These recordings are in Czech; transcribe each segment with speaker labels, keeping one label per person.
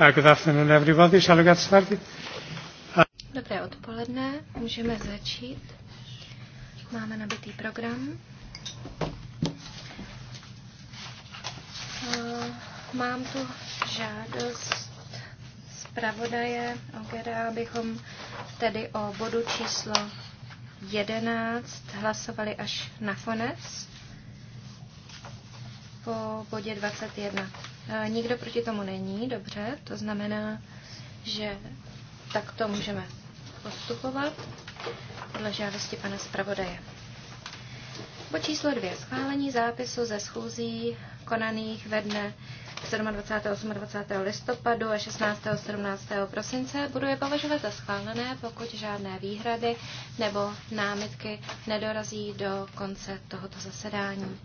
Speaker 1: Uh, good afternoon, everybody. Shall we get started?
Speaker 2: Dobré odpoledne, můžeme začít. Máme nabitý program. Uh, mám tu žádost zpravodaje Ogera, abychom tedy o bodu číslo 11 hlasovali až na konec po bodě 21. E, nikdo proti tomu není, dobře, to znamená, že takto můžeme postupovat podle žádosti pana zpravodaje. Po číslo dvě. Schválení zápisu ze schůzí konaných ve dne 27. 28. listopadu a 16. 17. prosince budu je považovat za schválené, pokud žádné výhrady nebo námitky nedorazí do konce tohoto zasedání.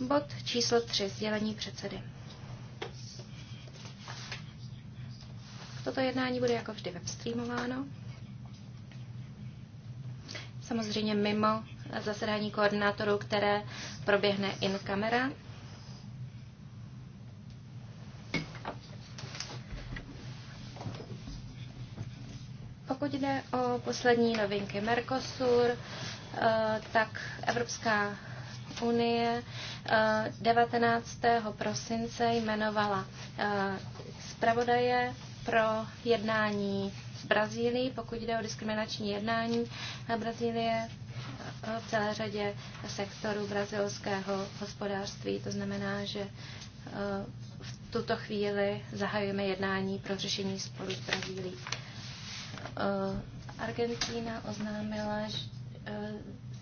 Speaker 2: Bod číslo 3. Sdělení předsedy. Toto jednání bude jako vždy webstreamováno. Samozřejmě mimo zasedání koordinátorů, které proběhne in kamera. Pokud jde o poslední novinky Mercosur, eh, tak Evropská unie 19. Eh, prosince jmenovala eh, zpravodaje pro jednání s Brazílií, pokud jde o diskriminační jednání eh, Brazílie v celé řadě sektorů brazilského hospodářství. To znamená, že v tuto chvíli zahajujeme jednání pro řešení sporu s Brazílií. Argentína oznámila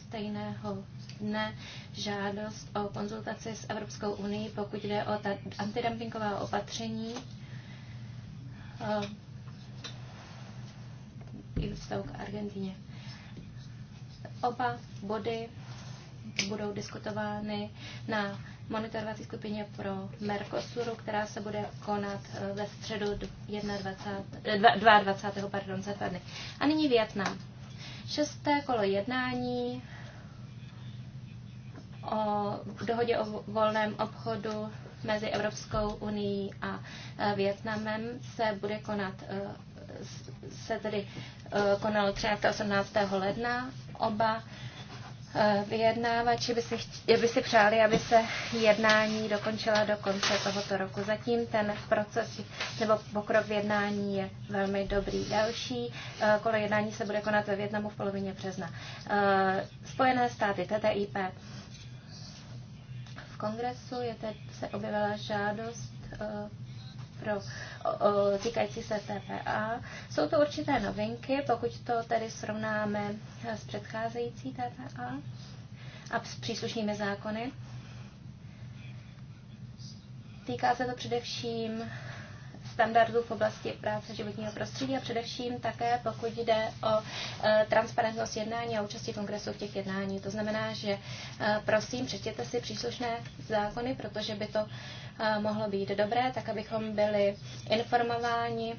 Speaker 2: stejného dne žádost o konzultaci s Evropskou unii, pokud jde o ta antidumpingová opatření eh, i vztahu k Argentině. Oba body budou diskutovány na monitorovací skupině pro Mercosuru, která se bude konat eh, ve středu 21, 22. Pardon, za dva dny. A nyní Větnam. Šesté kolo jednání o dohodě o volném obchodu mezi Evropskou unii a e, Větnamem se bude konat e, se tedy e, konalo 13. 18. ledna. Oba vyjednávači by si, by si přáli, aby se jednání dokončila do konce tohoto roku. Zatím ten proces nebo pokrok v jednání je velmi dobrý. Další kolo jednání se bude konat ve Větnamu v polovině března. Spojené státy TTIP kongresu je tady, se objevila žádost eh, pro týkající se TPA. Jsou to určité novinky, pokud to tedy srovnáme eh, s předcházející TPA a s příslušnými zákony. Týká se to především standardů v oblasti práce životního prostředí a především také pokud jde o e, transparentnost jednání a účasti kongresu v těch jednání. To znamená, že e, prosím, přečtěte si příslušné zákony, protože by to e, mohlo být dobré, tak abychom byli informováni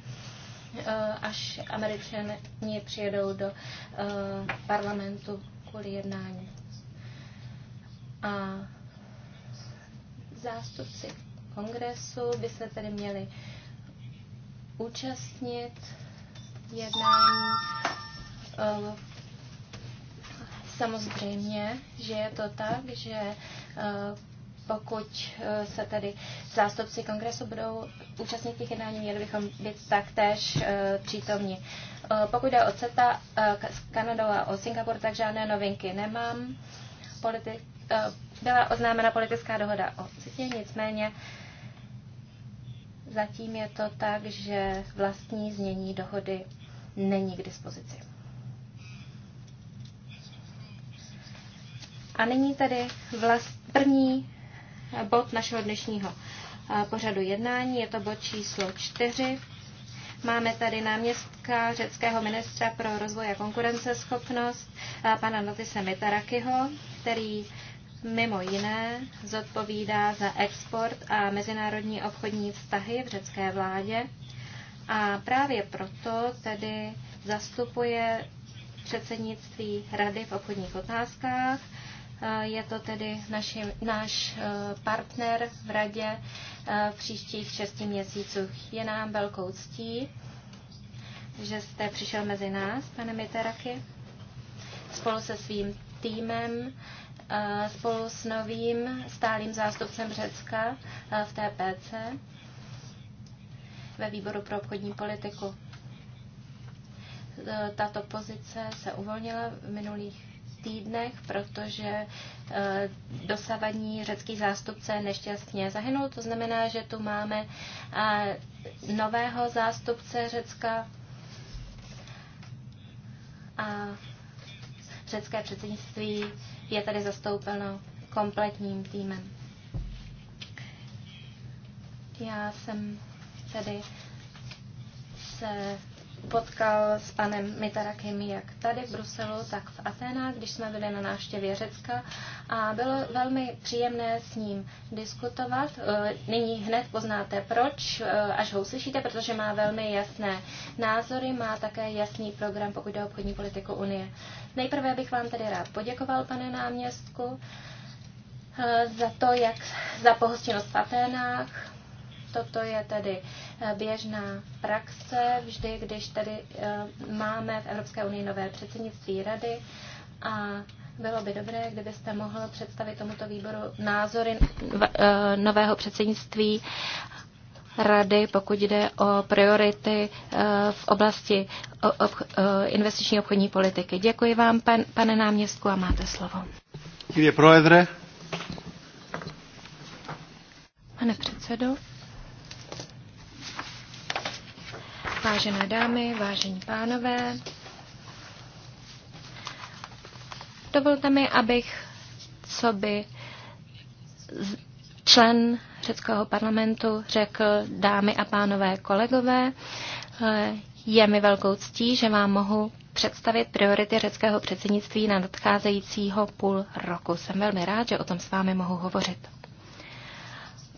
Speaker 2: až američané přijedou do parlamentu kvůli jednání. A zástupci kongresu by se tedy měli účastnit jednání. Ehm, samozřejmě, že je to tak, že eh, pokud eh, se tedy zástupci kongresu budou účastnit těch jednání, měli bychom být taktéž eh, přítomni. Pokud jde o CETA s Kanadou a o Singapur, tak žádné novinky nemám. Politi- byla oznámena politická dohoda o CETA, nicméně Zatím je to tak, že vlastní znění dohody není k dispozici. A nyní tedy vlast, první bod našeho dnešního eh, pořadu jednání, je to bod číslo čtyři. Máme tady náměstka řeckého ministra pro rozvoj a konkurenceschopnost, eh, pana Notise Mitarakiho, který mimo jiné zodpovídá za export a mezinárodní obchodní vztahy v řecké vládě a právě proto tedy zastupuje předsednictví Rady v obchodních otázkách. Eh, je to tedy naši, náš eh, partner v Radě eh, v příštích šesti měsících. Je nám velkou ctí, že jste přišel mezi nás, pane Miteraky, spolu se svým týmem spolu s novým stálým zástupcem Řecka v TPC ve výboru pro obchodní politiku. E, tato pozice se uvolnila v minulých týdnech, protože e, dosavadní řecký zástupce nešťastně zahynul. To znamená, že tu máme e, nového zástupce Řecka a řecké předsednictví je tady zastoupeno kompletním týmem. Já jsem tedy se potkal s panem Mitarakem jak tady v Bruselu, tak v Aténách, když jsme byli na návštěvě Řecka a bylo velmi příjemné s ním diskutovat. Eh, nyní hned poznáte proč, eh, až ho uslyšíte, protože má velmi jasné názory, má také jasný program, pokud jde o obchodní politiku Unie. Nejprve bych vám tedy rád poděkoval, pane náměstku, eh, za to, jak za pohostinnost v Aténách, Toto je tedy eh, běžná praxe vždy, když tedy eh, máme v Evropské unii nové předsednictví rady a bylo by dobré, kdybyste mohl představit tomuto výboru názory eh, nového předsednictví rady, pokud jde o priority v oblasti investiční obchodní politiky. Děkuji vám, pane náměstku, a máte slovo. Pane předsedo. Vážené dámy, vážení pánové, dovolte mi, abych co by člen řeckého parlamentu řekl dámy a pánové kolegové. Je mi velkou ctí, že vám mohu představit priority řeckého předsednictví na nadcházejícího půl roku. Jsem velmi rád, že o tom s vámi mohu hovořit.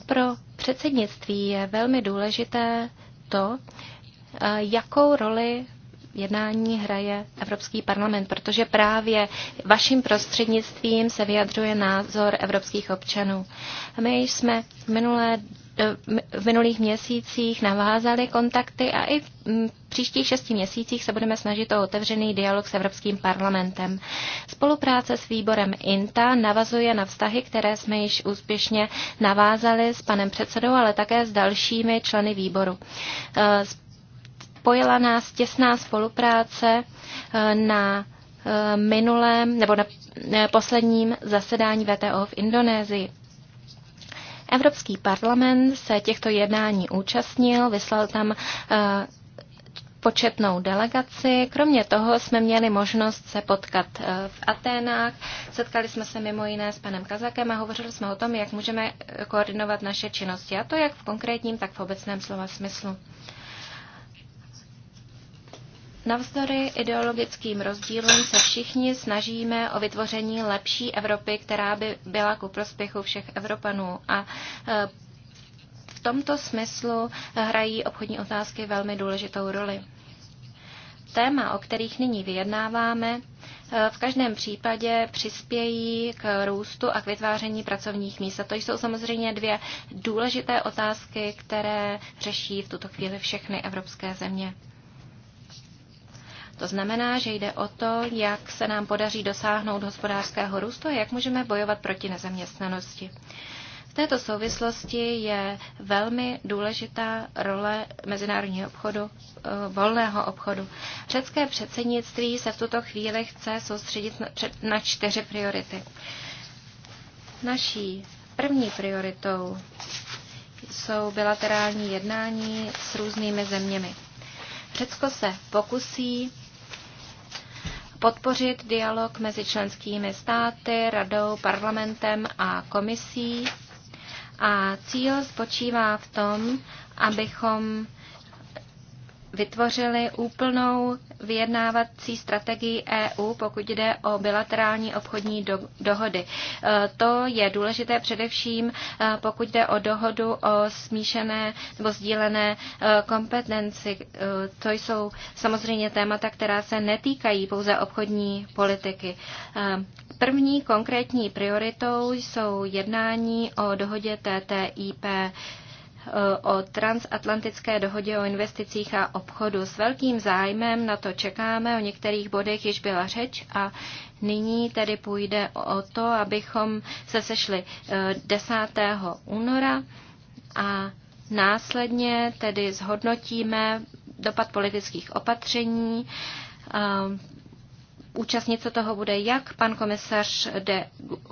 Speaker 2: Pro předsednictví je velmi důležité to, Eh, jakou roli jednání hraje Evropský parlament, protože právě vaším prostřednictvím se vyjadřuje názor evropských občanů. My jsme v, minulé, eh, v minulých měsících navázali kontakty a i v příštích šesti měsících se budeme snažit o otevřený dialog s Evropským parlamentem. Spolupráce s výborem INTA navazuje na vztahy, které jsme již úspěšně navázali s panem předsedou, ale také s dalšími členy výboru. Eh, Spojila nás těsná spolupráce eh, na eh, minulém nebo na posledním zasedání VTO v Indonésii. Evropský parlament se těchto jednání účastnil, vyslal tam eh, početnou delegaci. Kromě toho jsme měli možnost se potkat v Aténách. Setkali jsme se mimo jiné s panem Kazakem a hovořili jsme o tom, jak můžeme koordinovat naše činnosti, a to jak v konkrétním, tak v obecném slova smyslu. Navzdory ideologickým rozdílům se všichni snažíme o vytvoření lepší Evropy, která by byla ku prospěchu všech Evropanů. A e, v tomto smyslu hrají obchodní otázky velmi důležitou roli. Téma, o kterých nyní vyjednáváme, e, v každém případě přispějí k růstu a k vytváření pracovních míst. A to jsou samozřejmě dvě důležité otázky, které řeší v tuto chvíli všechny evropské země. To znamená, že jde o to, jak se nám podaří dosáhnout hospodářského růstu a jak můžeme bojovat proti nezaměstnanosti. V této souvislosti je velmi důležitá role mezinárodního obchodu, eh, volného obchodu. Řecké předsednictví se v tuto chvíli chce soustředit na čtyři priority. Naší první prioritou jsou bilaterální jednání s různými zeměmi. Řecko se pokusí podpořit dialog mezi členskými státy, radou, parlamentem a komisí. A cíl spočívá v tom, abychom vytvořili úplnou vyjednávací strategii EU, pokud jde o bilaterální obchodní do, dohody. E, to je důležité především, e, pokud jde o dohodu o smíšené nebo sdílené e, kompetenci. To jsou samozřejmě témata, která se netýkají pouze obchodní politiky. První konkrétní prioritou jsou jednání o dohodě TTIP o transatlantické dohodě o investicích a obchodu. S velkým zájmem na to čekáme, o některých bodech již byla řeč a nyní tedy půjde o to, abychom se sešli 10. Eh, února a následně tedy zhodnotíme dopad politických opatření eh, účastnit se toho bude jak pan komisař de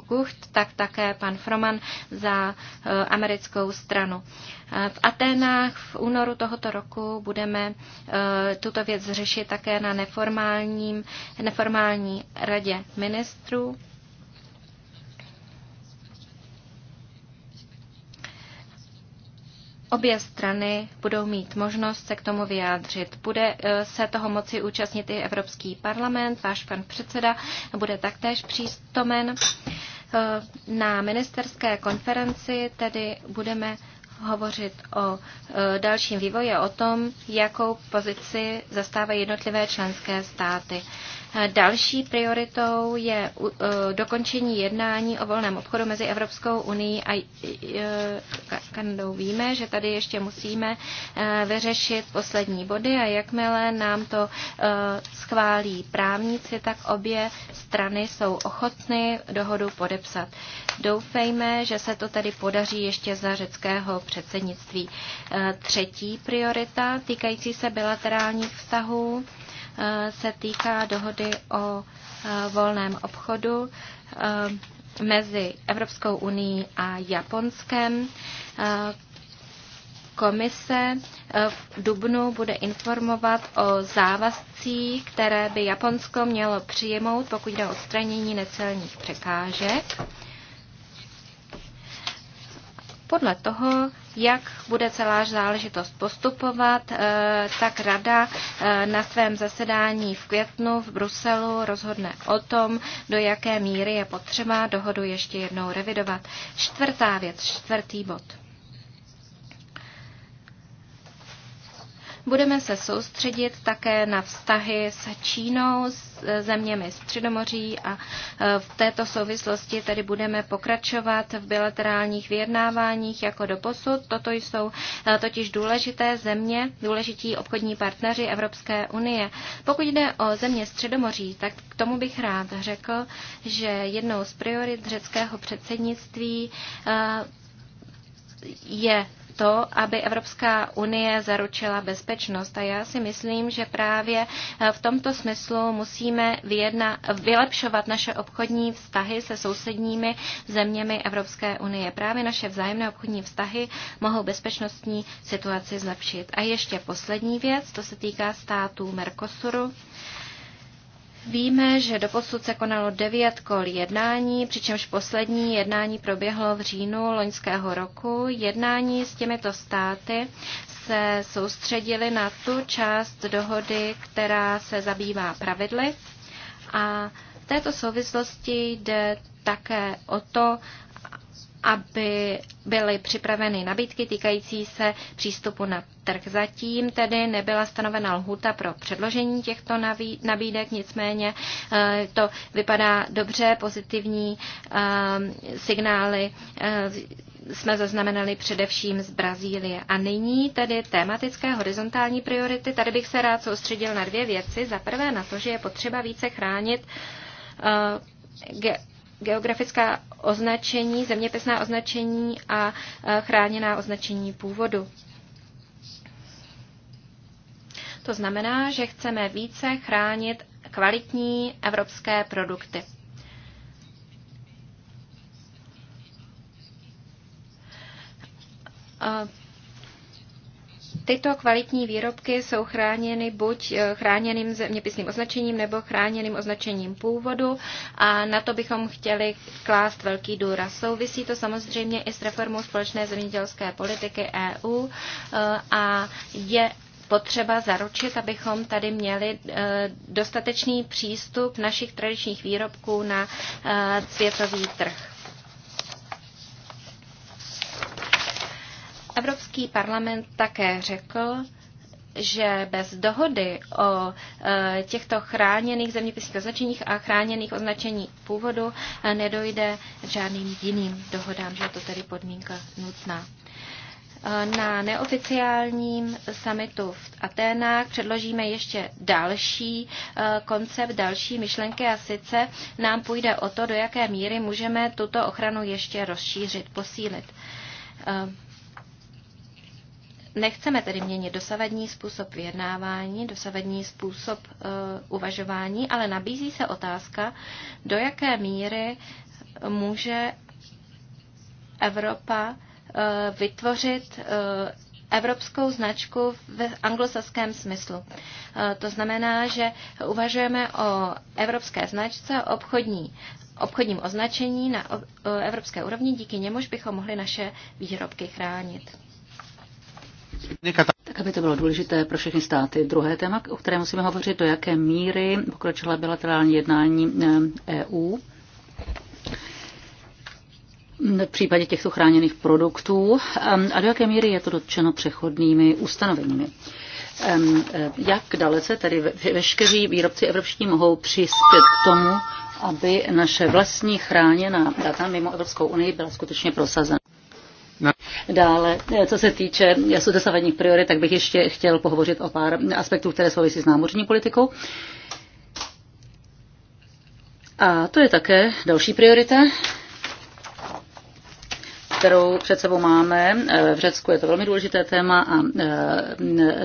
Speaker 2: Gucht, tak také pan Froman za eh, americkou stranu. Eh, v Aténách v únoru tohoto roku budeme eh, tuto věc řešit také na neformálním, neformální radě ministrů. Obě strany budou mít možnost se k tomu vyjádřit. Bude eh, se toho moci účastnit i Evropský parlament, váš pan předseda bude taktéž přístomen. Eh, na ministerské konferenci tedy budeme hovořit o e, dalším vývoji a o tom, jakou pozici zastávají jednotlivé členské státy. E, další prioritou je e, dokončení jednání o volném obchodu mezi Evropskou unii a Kanadou. Víme, že tady ještě musíme vyřešit poslední body a jakmile nám to schválí právníci, tak obě strany jsou ochotny dohodu podepsat. Doufejme, že se to tedy podaří ještě za řeckého předsednictví. Eh, třetí priorita týkající se bilaterálních vztahů eh, se týká dohody o eh, volném obchodu mezi Evropskou unii a Japonskem. Komise v Dubnu bude informovat o závazcích, které by Japonsko mělo přijmout, pokud jde o odstranění necelních překážek. Podle toho, jak bude celá záležitost postupovat, eh, tak rada eh, na svém zasedání v květnu v Bruselu rozhodne o tom, do jaké míry je potřeba dohodu ještě jednou revidovat. Čtvrtá věc, čtvrtý bod. Budeme se soustředit také na vztahy s Čínou, s eh, zeměmi Středomoří a eh, v této souvislosti tedy budeme pokračovat v bilaterálních vyjednáváních jako doposud. Toto jsou eh, totiž důležité země, důležití obchodní partneři Evropské unie. Pokud jde o země Středomoří, tak k tomu bych rád řekl, že jednou z priorit řeckého předsednictví je to, aby Evropská unie zaručila bezpečnost. A já si myslím, že právě eh, v tomto smyslu musíme vyjedna, vylepšovat naše obchodní vztahy se sousedními zeměmi Evropské unie. Právě naše vzájemné obchodní vztahy mohou bezpečnostní situaci zlepšit. A ještě poslední věc, to se týká států Mercosuru. Víme, že doposud se konalo devět kol jednání, přičemž poslední jednání proběhlo v říjnu loňského roku. Jednání s těmito státy se soustředili na tu část dohody, která se zabývá pravidly. A v této souvislosti jde také o to, aby byly připraveny nabídky týkající se přístupu na trh. Zatím tedy nebyla stanovena lhuta pro předložení těchto nabídek, nicméně eh, to vypadá dobře, pozitivní eh, signály eh, jsme zaznamenali především z Brazílie. A nyní tedy tématické horizontální priority. Tady bych se rád soustředil na dvě věci. Za prvé na to, že je potřeba více chránit geografická označení, zeměpisná označení a e, chráněná označení původu. To znamená, že chceme více chránit kvalitní evropské produkty. Uh, Tyto kvalitní výrobky jsou chráněny buď eh, chráněným zeměpisným označením nebo chráněným označením původu a na to bychom chtěli klást velký důraz. Souvisí to samozřejmě i s reformou společné zemědělské politiky EU eh, a je potřeba zaručit, abychom tady měli eh, dostatečný přístup našich tradičních výrobků na světový trh. Evropský parlament také řekl, že bez dohody o e, těchto chráněných zeměpisných označeních a chráněných označení původu e, nedojde k žádným jiným dohodám, že je to tedy podmínka nutná. E, na neoficiálním summitu v Aténách předložíme ještě další koncept, další myšlenky a sice nám půjde o to, do jaké míry můžeme tuto ochranu ještě rozšířit, posílit. Nechceme tedy měnit dosavadní způsob vyjednávání, dosavadní způsob uh, uvažování, ale nabízí se otázka, do jaké míry může Evropa uh, vytvořit uh, evropskou značku v anglosaském smyslu. To znamená, že uvažujeme o evropské značce, obchodní, obchodním označení na evropské úrovni, díky němuž bychom mohli naše výrobky chránit.
Speaker 1: Tak, aby to bylo důležité pro všechny státy. Druhé téma, o kterém musíme hovořit, do jaké míry pokročila bilaterální jednání EU eh, e v případě těchto chráněných produktů eh, a do jaké míry je to dotčeno přechodnými ustanoveními eh, jak dalece tedy veškeří výrobci evropští mohou přispět k tomu, aby naše vlastní chráněná data mimo Evropskou unii byla skutečně prosazena. Dále, co se týče sudesavadních priorit, tak bych ještě chtěl pohovořit o pár aspektů, které souvisí s námořní politikou. A to je také další priorita, kterou před sebou máme. V Řecku je to velmi důležité téma a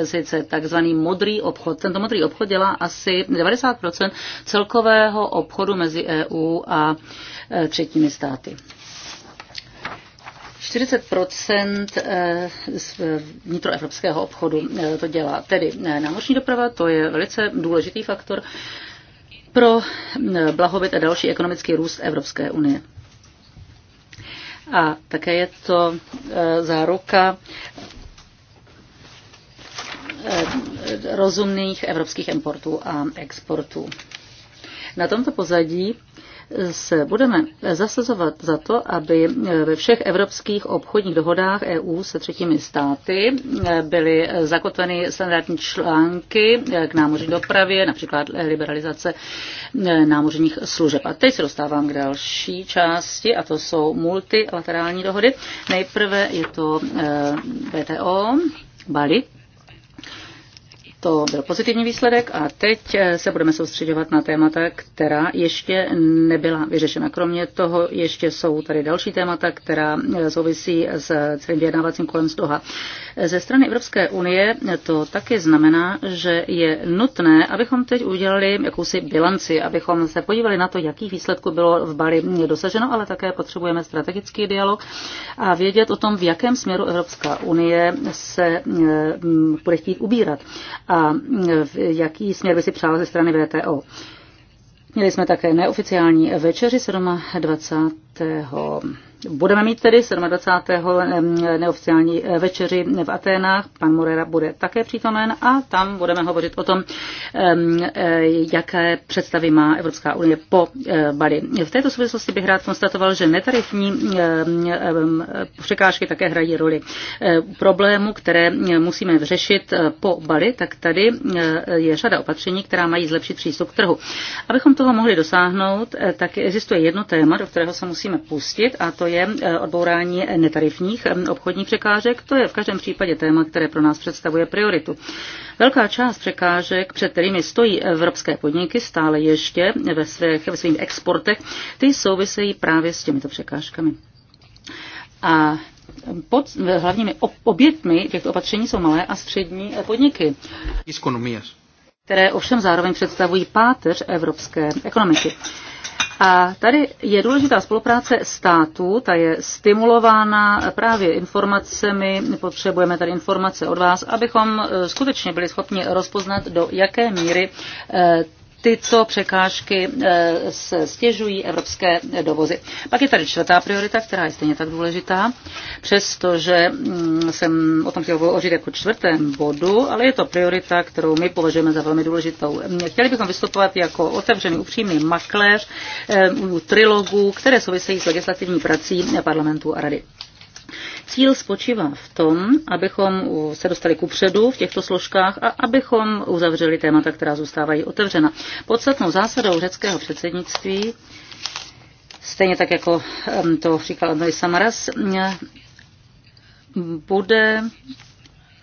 Speaker 1: e, sice takzvaný modrý obchod. Tento modrý obchod dělá asi 90 celkového obchodu mezi EU a e, třetími státy. 40 eh, eh, vnitroevropského obchodu eh, to dělá. Tedy námořní doprava, to je velice důležitý faktor pro blahobyt a další ekonomický růst Evropské unie. A také je to záruka rozumných evropských importů a exportů. Na tomto pozadí se budeme zasazovat za to, aby ve všech evropských obchodních dohodách EU se třetími státy byly zakotveny standardní články k námořní dopravě, například liberalizace námořních služeb. A teď se dostávám k další části, a to jsou multilaterální dohody. Nejprve je to eh, VTO, Bali. To byl pozitivní výsledek a teď eh, se budeme soustředovat na témata, která ještě nebyla vyřešena. Kromě toho ještě jsou tady další témata, která eh, souvisí s celým vyjednávacím kolem Stoha. Ze strany Evropské unie to taky znamená, že je nutné, abychom teď udělali jakousi bilanci, abychom se podívali na to, jakých výsledků bylo v Bali dosaženo, ale také potřebujeme strategický dialog a vědět o tom, v jakém směru Evropská unie se eh, bude chtít ubírat a jaký směr by si přál ze strany VTO. Měli jsme také neoficiální večeři 27. Budeme mít tedy 27. neoficiální eh, večeři v Aténách. Pan Morera bude také přítomen a tam budeme hovořit o tom, eh, jaké představy má Evropská unie po eh, Bali. V této souvislosti bych rád konstatoval, že netarifní překážky také hrají roli problému, které musíme řešit po Bali, tak tady je řada opatření, která mají zlepšit přístup k trhu. Abychom toho mohli dosáhnout, tak existuje jedno téma, do kterého se musí musíme pustit, a to je eh, odbourání netarifních eh, obchodních překážek. To je v každém případě téma, které pro nás představuje prioritu. Velká část překážek, před kterými stojí evropské podniky stále ještě ve, svých, ve svých exportech, ty souvisejí právě s těmito překážkami. A pod hlavními obětmi těchto opatření jsou malé a střední podniky. které ovšem zároveň představují páteř evropské ekonomiky. A tady je důležitá spolupráce států, ta je stimulována právě informacemi, potřebujeme tady informace od vás, abychom eh, skutečně byli schopni rozpoznat, do jaké míry eh, tyto překážky eh, stěžují evropské dovozy. Pak je tady čtvrtá priorita, která je stejně tak důležitá, přestože mm, jsem o tom chtěl hovořit jako čtvrtém bodu, ale je to priorita, kterou my považujeme za velmi důležitou. Chtěli bychom vystupovat jako otevřený, upřímný makléř eh, u trilogů, které souvisejí s legislativní prací parlamentu a rady. Cíl spočívá v tom, abychom se dostali ku předu v těchto složkách a abychom uzavřeli témata, která zůstávají otevřena. Podstatnou zásadou řeckého předsednictví, stejně tak jako to říkal Andrej Samaras, bude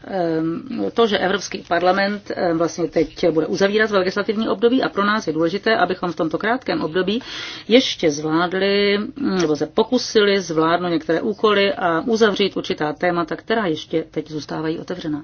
Speaker 1: Ehm, to, že Evropský parlament ehm, vlastně teď bude uzavírat v legislativní období a pro nás je důležité, abychom v tomto krátkém období ještě zvládli mm, nebo se pokusili zvládnout některé úkoly a uzavřít určitá témata, která ještě teď zůstávají otevřená.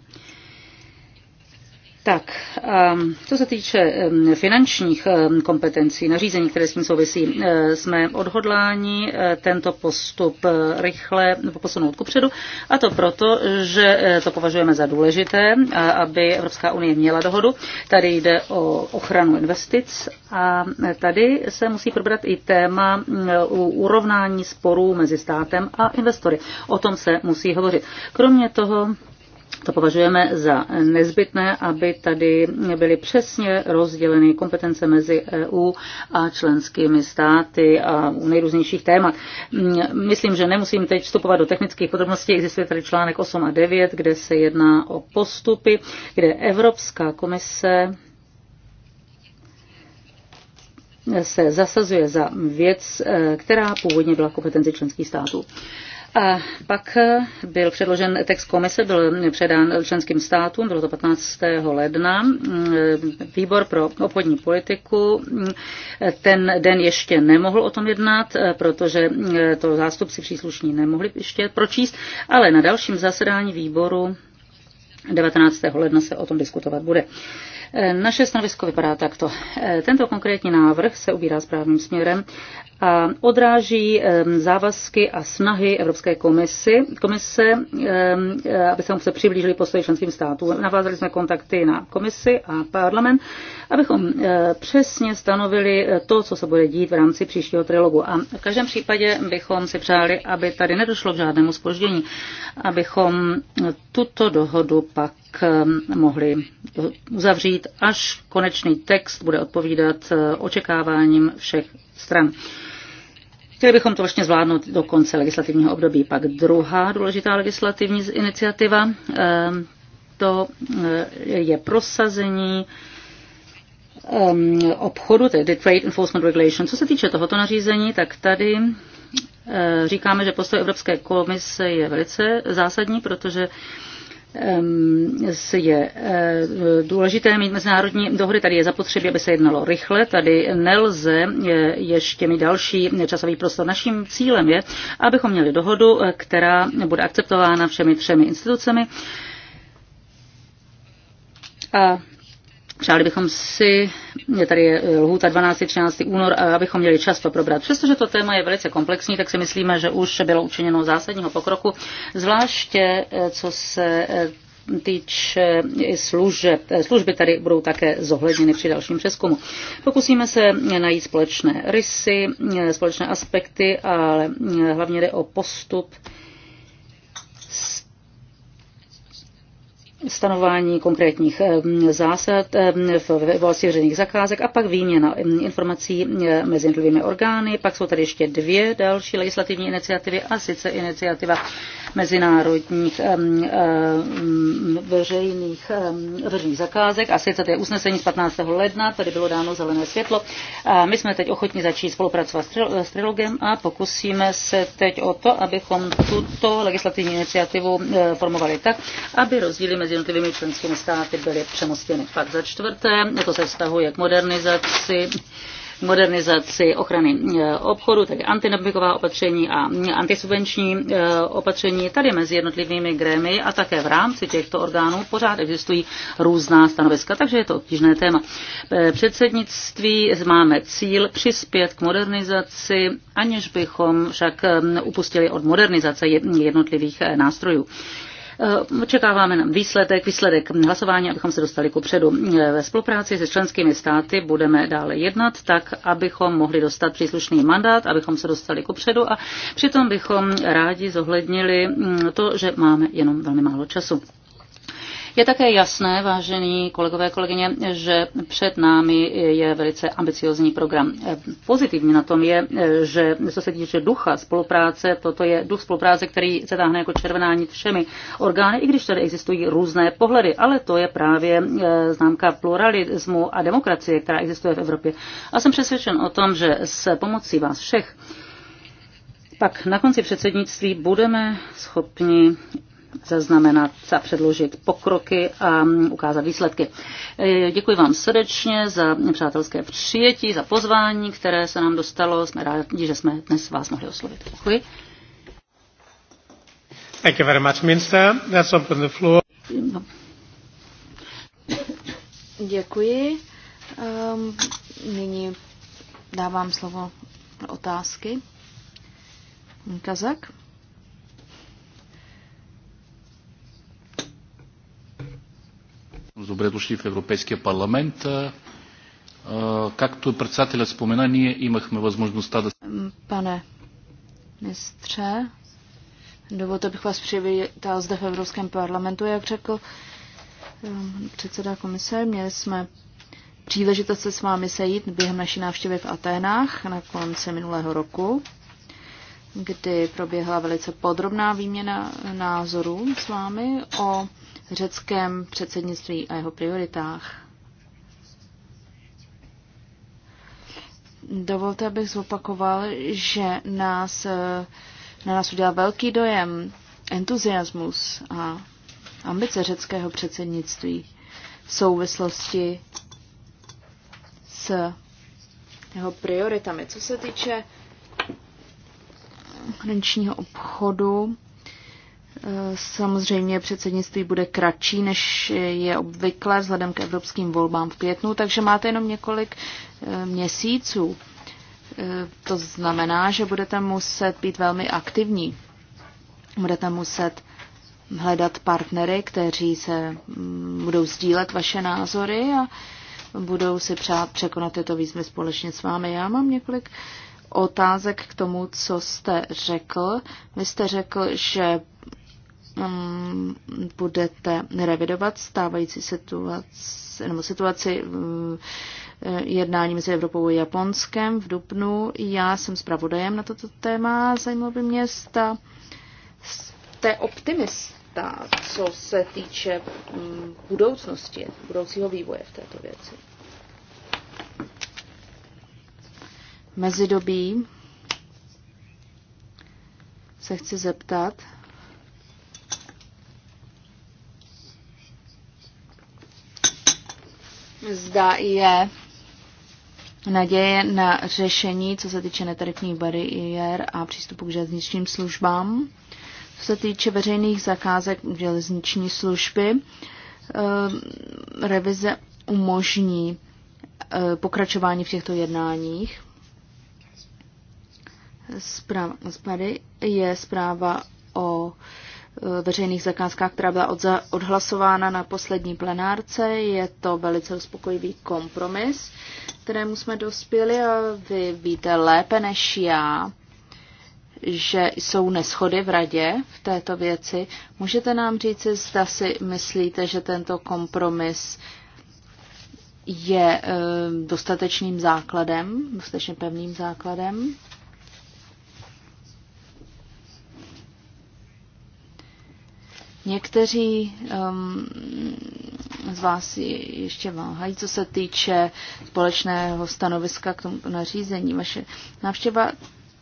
Speaker 1: Tak, ehm, co se týče ehm, finančních ehm, kompetencí, nařízení, které s tím souvisí, eh, jsme odhodláni eh, tento postup eh, rychle posunout kupředu a to proto, že to považujeme za důležité, aby Evropská unie měla dohodu. Tady jde o ochranu investic a tady se musí probrat i téma urovnání sporů mezi státem a investory. O tom se musí hovořit. Kromě toho to považujeme za nezbytné, aby tady byly přesně rozděleny kompetence mezi EU a členskými státy a u nejrůznějších témat. Myslím, že nemusím teď vstupovat do technických podrobností. Existuje tady článek 8 a 9, kde se jedná o postupy, kde Evropská komise se zasazuje za věc, e, která původně byla kompetenci členských států. A pak eh, byl předložen text komise, byl předán členským státům, bylo to 15. ledna. Mm, výbor pro obchodní politiku mm, ten den ještě nemohl o tom jednat, eh, protože mm, to zástupci příslušní nemohli ještě pročíst, ale na dalším zasedání výboru 19. ledna se o tom diskutovat bude. E, naše stanovisko vypadá takto. E, tento konkrétní návrh se ubírá správným směrem a odráží závazky a snahy Evropské komisy, komise, aby se mu se přiblížili postoji členským státům. Navázali jsme kontakty na komisi a parlament, abychom e, přesně stanovili to, co se bude dít v rámci příštího trilogu. A v každém případě bychom si přáli, aby tady nedošlo k žádnému spoždění, abychom tuto dohodu pak Ehm, mohli uzavřít, až konečný text bude odpovídat eh, očekáváním všech stran. Chtěli bychom to vlastně zvládnout do konce legislativního období. Pak druhá důležitá legislativní iniciativa, ehm, to eh, je prosazení ehm, obchodu, tedy Trade Enforcement Regulation. Co se týče tohoto nařízení, tak tady eh, říkáme, že postoj Evropské komise je velice zásadní, protože je eh, důležité mít mezinárodní dohody. Tady je zapotřebí, aby se jednalo rychle. Tady nelze eh, ještě mít další časový prostor. Naším cílem je, abychom měli dohodu, eh, která bude akceptována všemi třemi institucemi. A Přáli bychom si, je tady eh, lhůta 12. 13. únor, eh, abychom měli čas to probrat. Přestože to téma je velice komplexní, tak si myslíme, že už bylo učiněno zásadního pokroku, zvláště eh, co se týče služeb. Služby tady budou také zohledněny při dalším přeskumu. Pokusíme se najít společné rysy, společné aspekty, ale hlavně jde o postup stanování konkrétních zásad v oblasti veřejných zakázek a pak výměna informací mezi jednotlivými orgány. Pak jsou tady ještě dvě další legislativní iniciativy a sice iniciativa mezinárodních veřejných, veřejných zakázek a sice to je usnesení z 15. ledna, tady bylo dáno zelené světlo. A my jsme teď ochotni začít spolupracovat s Trilogem a pokusíme se teď o to, abychom tuto legislativní iniciativu eh, formovali tak, aby rozdíly mezi jednotlivými členskými státy byly přemostěny. Pak za čtvrté, to se vztahuje k modernizaci modernizaci ochrany eh, obchodu, tedy antinabiková opatření a antisubvenční eh, opatření tady mezi jednotlivými grémy a také v rámci těchto orgánů pořád existují různá stanoviska, takže je to obtížné téma. Eh, předsednictví máme cíl přispět k modernizaci, aniž bychom však upustili od modernizace jednotlivých nástrojů. Eh, očekáváme nám výsledek, výsledek hlasování, abychom se dostali ku předu. Eh, ve spolupráci se členskými státy budeme dále jednat tak, abychom mohli dostat příslušný mandát, abychom se dostali ku předu a přitom bychom rádi zohlednili mm, to, že máme jenom velmi málo času. Je také jasné, vážení kolegové, kolegyně, že před námi je velice ambiciozní program. Pozitivní na tom je, že co se týče ducha spolupráce, toto je duch spolupráce, který se táhne jako červená nit všemi orgány, i když tady existují různé pohledy, ale to je právě eh, známka pluralismu a demokracie, která existuje v Evropě. A jsem přesvědčen o tom, že s pomocí vás všech pak na konci předsednictví budeme schopni zaznamenat a předložit pokroky a ukázat výsledky. E, děkuji vám srdečně za přátelské přijetí, za pozvání, které se nám dostalo. Jsme rádi, že jsme dnes vás mohli oslovit. Děkuji. Thank you very much, Minister. Let's open the floor. No.
Speaker 3: Děkuji. Um, nyní dávám slovo otázky. Kazak.
Speaker 2: Добре дошли в Европейския парламент. Както председателят спомена, ние имахме възможността да...
Speaker 3: Пане mistře, dovolte bych vás přivítal zde v Evropském parlamentu, jak řekl předseda komise. Měli jsme příležitost se s vámi sejít během naší návštěvy v Aténách na konci minulého roku, kdy proběhla velice podrobná výměna názorů s vámi o řeckém předsednictví a jeho prioritách. Dovolte, abych zopakoval, že nás, na nás udělal velký dojem entuziasmus a ambice řeckého předsednictví v souvislosti s jeho prioritami. Co se týče hraničního obchodu, Samozřejmě předsednictví bude kratší, než je obvykle vzhledem k evropským volbám v květnu, takže máte jenom několik eh, měsíců. Eh, to znamená, že budete muset být velmi aktivní. Budete muset hledat partnery, kteří se mm, budou sdílet vaše názory a budou si přát překonat tyto výzvy společně s vámi. Já mám několik otázek k tomu, co jste řekl. Vy jste řekl, že um, budete revidovat stávající situaci, nebo situaci um, jednání mezi Evropou a Japonskem v Dubnu. Já jsem zpravodajem na toto téma, zajímalo by mě, zda jste optimista, co se týče um, budoucnosti, budoucího vývoje v této věci. Mezidobí se chci zeptat, zda je naděje na řešení, co se týče netarifních bariér a přístupu k železničním službám. Co se týče veřejných zakázek železniční služby, eh, revize umožní eh, pokračování v těchto jednáních. Zpráva je zpráva o Eh, veřejných zakázkách, která byla odhlasována na poslední plenárce. Je to velice uspokojivý kompromis, kterému jsme dospěli a vy víte lépe než já, že jsou neschody v radě v této věci. Můžete nám říci, zda si myslíte, že tento kompromis je e, dostatečným základem, dostatečně pevným základem? Někteří um, z vás ještě váhají, co se týče společného stanoviska k tomu nařízení. Vaše návštěva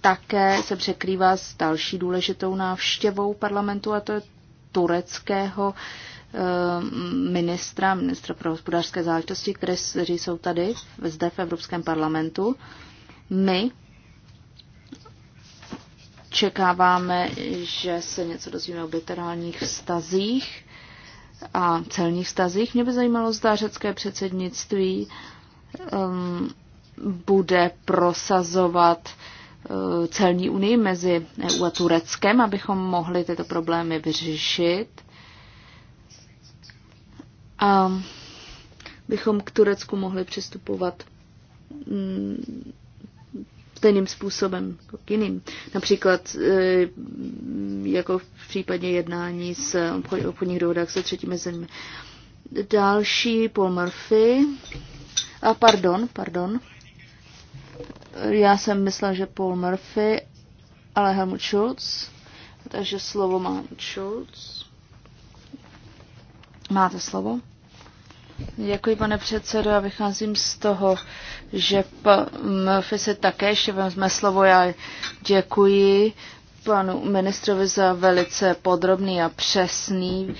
Speaker 3: také se překrývá s další důležitou návštěvou parlamentu, a to je tureckého um, ministra, ministra pro hospodářské záležitosti, kteří jsou tady zde v Evropském parlamentu. My Očekáváme, že se něco dozvíme o bilaterálních vztazích a celních vztazích. Mě by zajímalo, zda řecké předsednictví um, bude prosazovat uh, celní unii mezi EU a Tureckem, abychom mohli tyto problémy vyřešit. A bychom k Turecku mohli přistupovat mm, stejným způsobem jako k jiným. Například e, jako v případě jednání s obchod, obchodních dohodách se třetími zeměmi. Další Paul Murphy. A pardon, pardon. Já jsem myslela, že Paul Murphy, ale Helmut Schulz. Takže slovo má Schulz. Máte slovo? Děkuji, pane předsedo. Já vycházím z toho, že Murphy se také ještě vezme slovo. Já děkuji panu ministrovi za velice podrobný a přesný eh,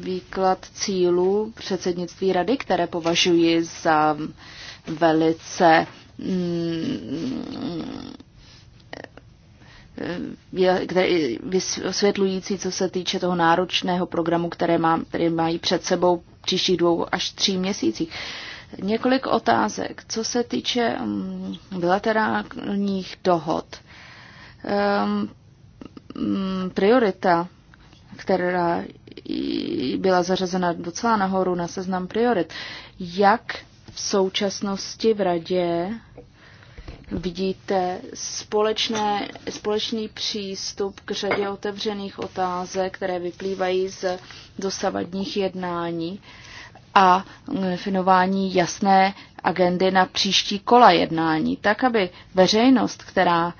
Speaker 3: výklad cílů předsednictví rady, které považuji za velice
Speaker 1: mm,
Speaker 3: eh, eh, vysvětlující, co se týče toho náročného programu, které má, který mají před sebou příštích dvou až tří měsících. Několik otázek, co se týče mm, bilaterálních dohod. Ehm, mm, priorita, která byla zařazena docela nahoru na seznam priorit. Jak v současnosti v radě vidíte společné, společný přístup k řadě otevřených otázek, které vyplývají z dosavadních jednání a definování jasné agendy na příští kola jednání, tak aby veřejnost, která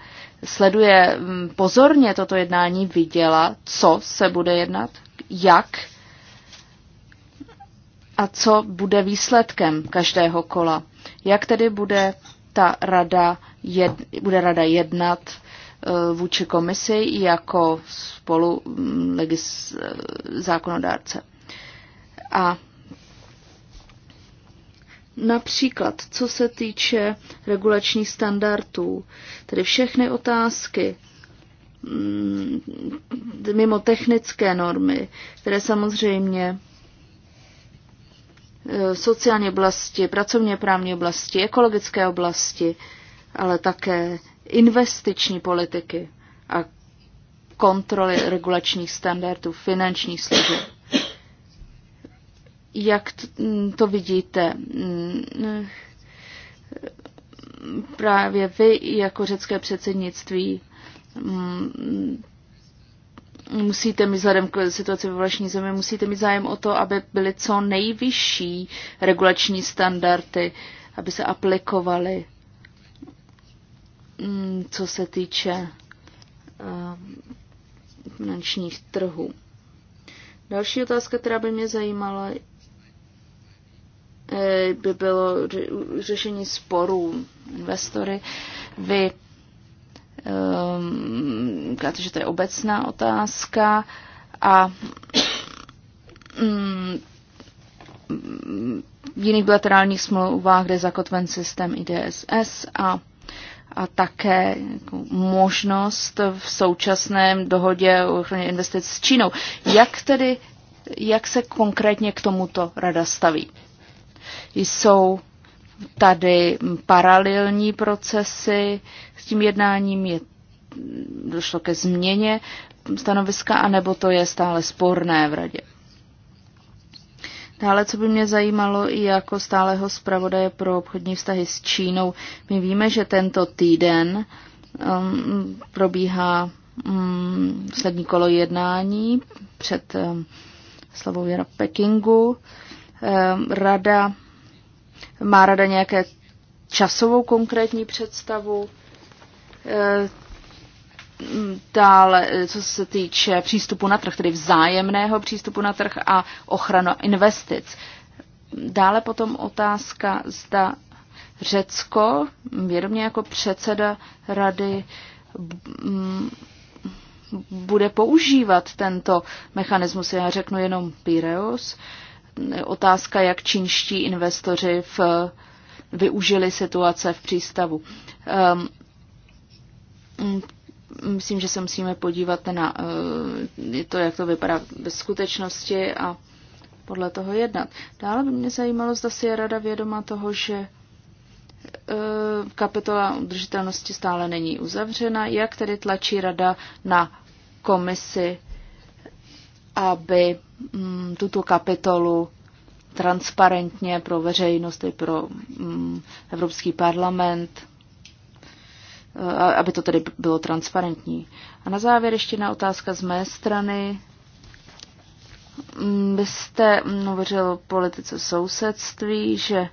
Speaker 3: sleduje mm, pozorně toto jednání, viděla, co se bude jednat, jak a co bude výsledkem každého kola. Jak tedy bude ta rada jed, bude rada jednat eh, vůči komisi jako spolu mm, legis, eh, zákonodárce. A například, co se týče regulačních standardů, tedy všechny otázky
Speaker 1: mm,
Speaker 3: mimo technické normy, které samozřejmě Eh, sociální oblasti, pracovně právní oblasti, ekologické oblasti, ale také investiční politiky a kontroly regulačních standardů, finančních služeb. Jak mm, to vidíte? Mm, eh, právě vy jako řecké předsednictví mm, musíte mít vzhledem k situaci ve vlastní zemi, musíte mít zájem o to, aby byly co nejvyšší regulační standardy, aby se aplikovaly, mm, co se týče eh, finančních trhů. Další otázka, která by mě zajímala, eh, by bylo řešení sporů investory. Vy Um, že to je obecná otázka a mm, v jiných bilaterálních smlouvách, kde je zakotven systém IDSS a, a také jako možnost v současném dohodě o ochraně investic s Čínou. Jak tedy, jak se konkrétně k tomuto rada staví? Jsou tady paralelní procesy, s tím jednáním je, došlo ke změně stanoviska, anebo to je stále sporné v radě. Dále, co by mě zajímalo i jako stáleho zpravodaje pro obchodní vztahy s Čínou, my víme, že tento týden um, probíhá um, kolo jednání před um, slavou Jara Pekingu. Um, rada, má rada nějaké časovou konkrétní představu? Eh, dále, eh, co se týče přístupu na trh, tedy vzájemného přístupu na trh a ochrana investic. Dále potom otázka, zda Řecko, vědomě jako předseda rady, mm, bude používat tento mechanismus. Já řeknu jenom Pireus. Otázka, jak čínští investoři v, využili situace v přístavu. Um, Mm, myslím, že se musíme podívat na eh, to, jak to vypadá ve skutečnosti a podle toho jednat. Dále by mě zajímalo, zda si je rada vědoma toho, že eh, kapitola udržitelnosti stále není uzavřena, jak tedy tlačí rada na komisi, aby mm, tuto kapitolu transparentně pro veřejnost i pro mm, Evropský parlament aby to tedy bylo transparentní. A na závěr ještě jedna otázka z mé strany. Mm, vy jste hovořil o politice sousedství, že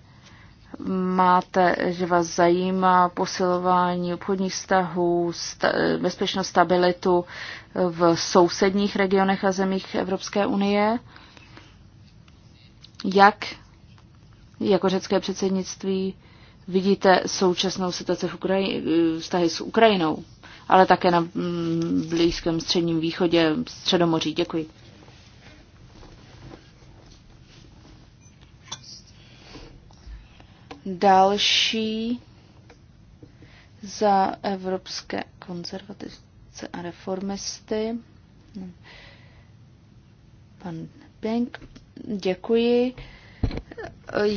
Speaker 3: máte, že vás zajímá posilování obchodních vztahů, sta, bezpečnost, stabilitu v sousedních regionech a zemích Evropské unie. Jak jako řecké předsednictví vidíte současnou situaci v Ukraji, vztahy s Ukrajinou, ale také na mm, Blízkém středním východě, Středomoří. Děkuji. Další za evropské konzervativce a reformisty. Pan Pink, děkuji.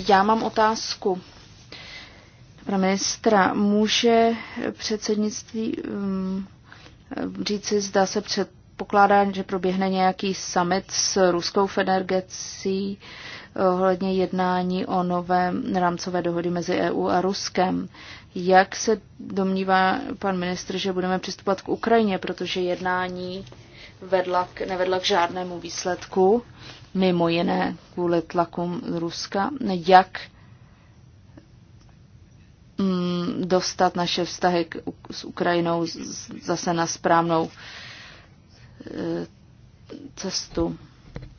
Speaker 3: Já mám otázku pana ministra, může předsednictví um, říci, zda se předpokládá, že proběhne nějaký summit s Ruskou federací ohledně jednání o nové rámcové dohody mezi EU a Ruskem. Jak se domnívá pan ministr, že budeme přistupovat k Ukrajině, protože jednání vedla k, nevedla k žádnému výsledku, mimo jiné kvůli tlakům Ruska. Jak Mm, dostat naše vztahy k, s Ukrajinou zase na správnou e, cestu.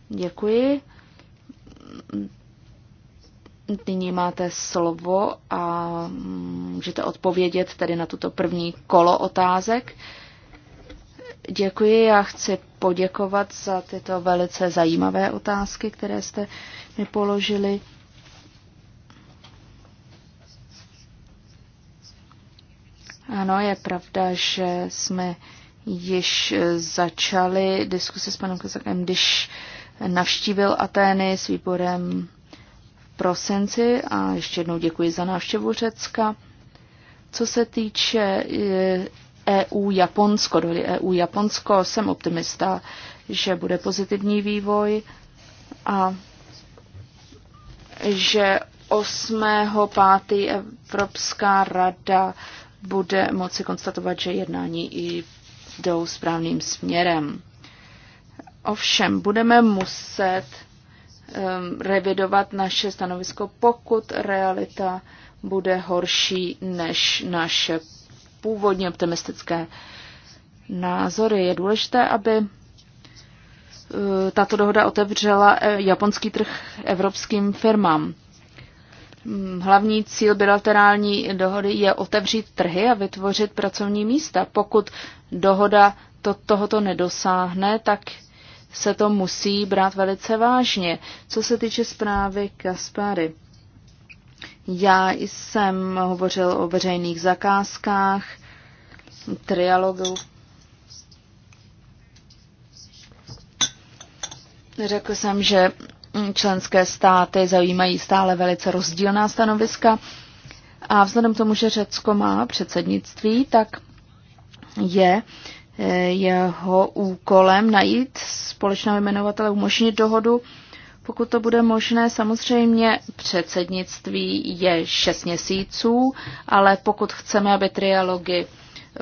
Speaker 3: Děkuji. Nyní máte slovo a můžete odpovědět tady na tuto první kolo otázek. Děkuji, já chci poděkovat za tyto velice zajímavé otázky, které jste mi položili. Ano, je pravda, že jsme již eh, začali diskuse s panem Kozakem, když navštívil Atény s výborem v prosinci a ještě jednou děkuji za návštěvu Řecka. Co se týče EU-Japonsko, eh, e dohody EU-Japonsko, jsem optimista, že bude pozitivní vývoj a že 8. 5. Evropská rada bude moci konstatovat, že jednání jdou správným směrem. Ovšem, budeme muset um, revidovat naše stanovisko, pokud realita bude horší než naše původně optimistické názory. Je důležité, aby uh, tato dohoda otevřela eh, japonský trh evropským firmám. Mm, hlavní cíl bilaterální dohody je otevřít trhy a vytvořit pracovní místa. Pokud dohoda to, tohoto nedosáhne, tak se to musí brát velice vážně. Co se týče zprávy Kaspary, já jsem hovořil o veřejných zakázkách, trialogu. Řekl jsem, že Mm, členské státy zajímají stále velice rozdílná stanoviska. A vzhledem k tomu, že Řecko má předsednictví, tak je eh, jeho úkolem najít společného jmenovatele, umožnit dohodu, pokud to bude možné. Samozřejmě předsednictví je 6 měsíců, ale pokud chceme, aby trialogy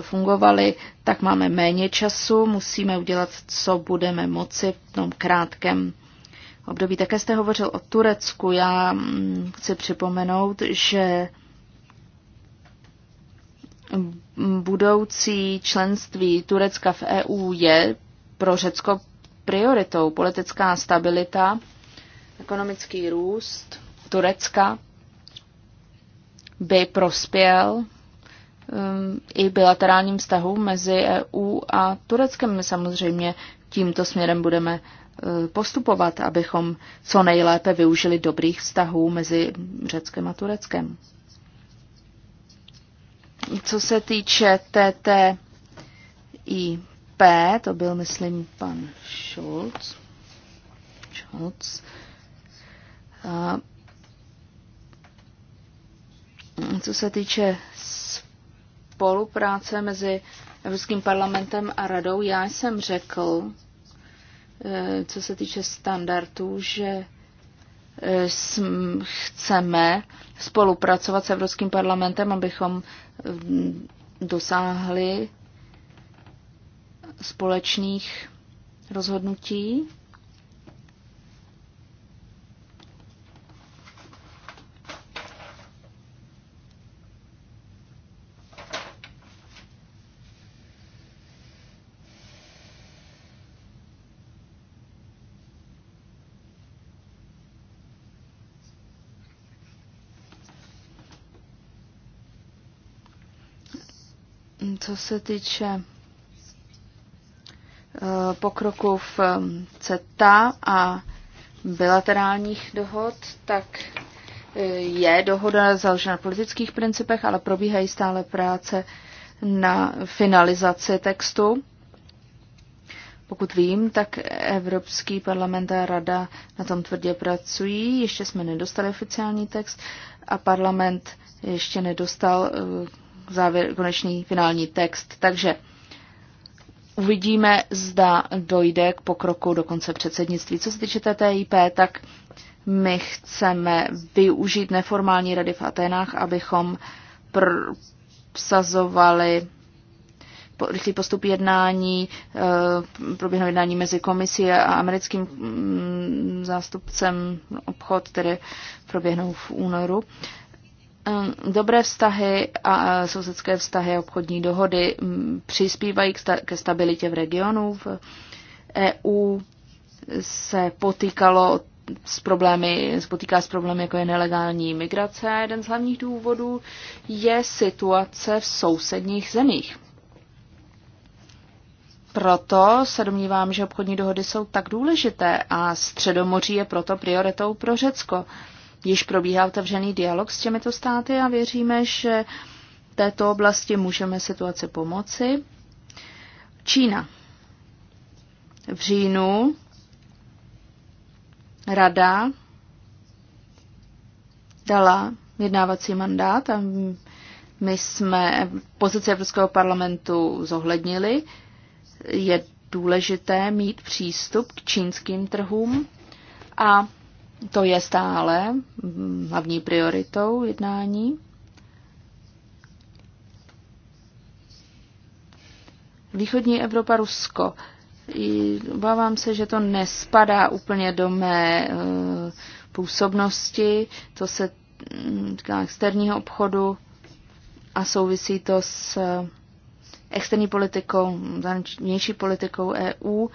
Speaker 3: fungovaly, tak máme méně času, musíme udělat, co budeme moci v tom krátkém období. Také jste hovořil o Turecku. Já mm, chci připomenout, že budoucí členství Turecka v EU je pro Řecko prioritou. Politická stabilita, ekonomický růst Turecka by prospěl mm, i bilaterálním vztahům mezi EU a Tureckem. My samozřejmě tímto směrem budeme Eh, postupovat, abychom co nejlépe využili dobrých vztahů mezi Řeckem a Tureckem. Co se týče TTIP, to byl, myslím, pan Schulz, Schulz co se týče spolupráce mezi Evropským parlamentem a radou, já jsem řekl, Eh, co se týče standardů, že eh, chceme spolupracovat s Evropským parlamentem, abychom mm, dosáhli společných rozhodnutí Co se týče eh, pokroku v eh, CETA a bilaterálních dohod, tak eh, je dohoda založena na politických principech, ale probíhají stále práce na finalizaci textu. Pokud vím, tak Evropský parlament a rada na tom tvrdě pracují. Ještě jsme nedostali oficiální text a parlament ještě nedostal závěr, konečný finální text. Takže uvidíme, zda dojde k pokroku do konce předsednictví. Co se týče TTIP, tak my chceme využít neformální rady v Atenách, abychom prosazovali rychlý postup jednání, eh, proběhlo jednání mezi komisí a americkým mm, zástupcem obchod, které proběhnou v únoru. Ehm, dobré vztahy a sousedské vztahy a obchodní dohody mm, přispívají ke stabilitě v regionu. V EU se potýkalo s problémy, potýká s problémy, jako je nelegální migrace. Jeden z hlavních důvodů je situace v sousedních zemích. Proto se domnívám, že obchodní dohody jsou tak důležité a středomoří je proto prioritou pro Řecko. Již probíhá otevřený dialog s těmito státy a věříme, že v této oblasti můžeme situaci pomoci. Čína. V říjnu rada dala jednávací mandát a my jsme pozici Evropského parlamentu zohlednili. Je důležité mít přístup k čínským trhům a to je stále hlavní prioritou jednání. Východní Evropa, Rusko. Obávám se, že to nespadá úplně do mé eh, působnosti. To se mm, týká externího obchodu a souvisí to s eh, externí politikou, vnější politikou EU.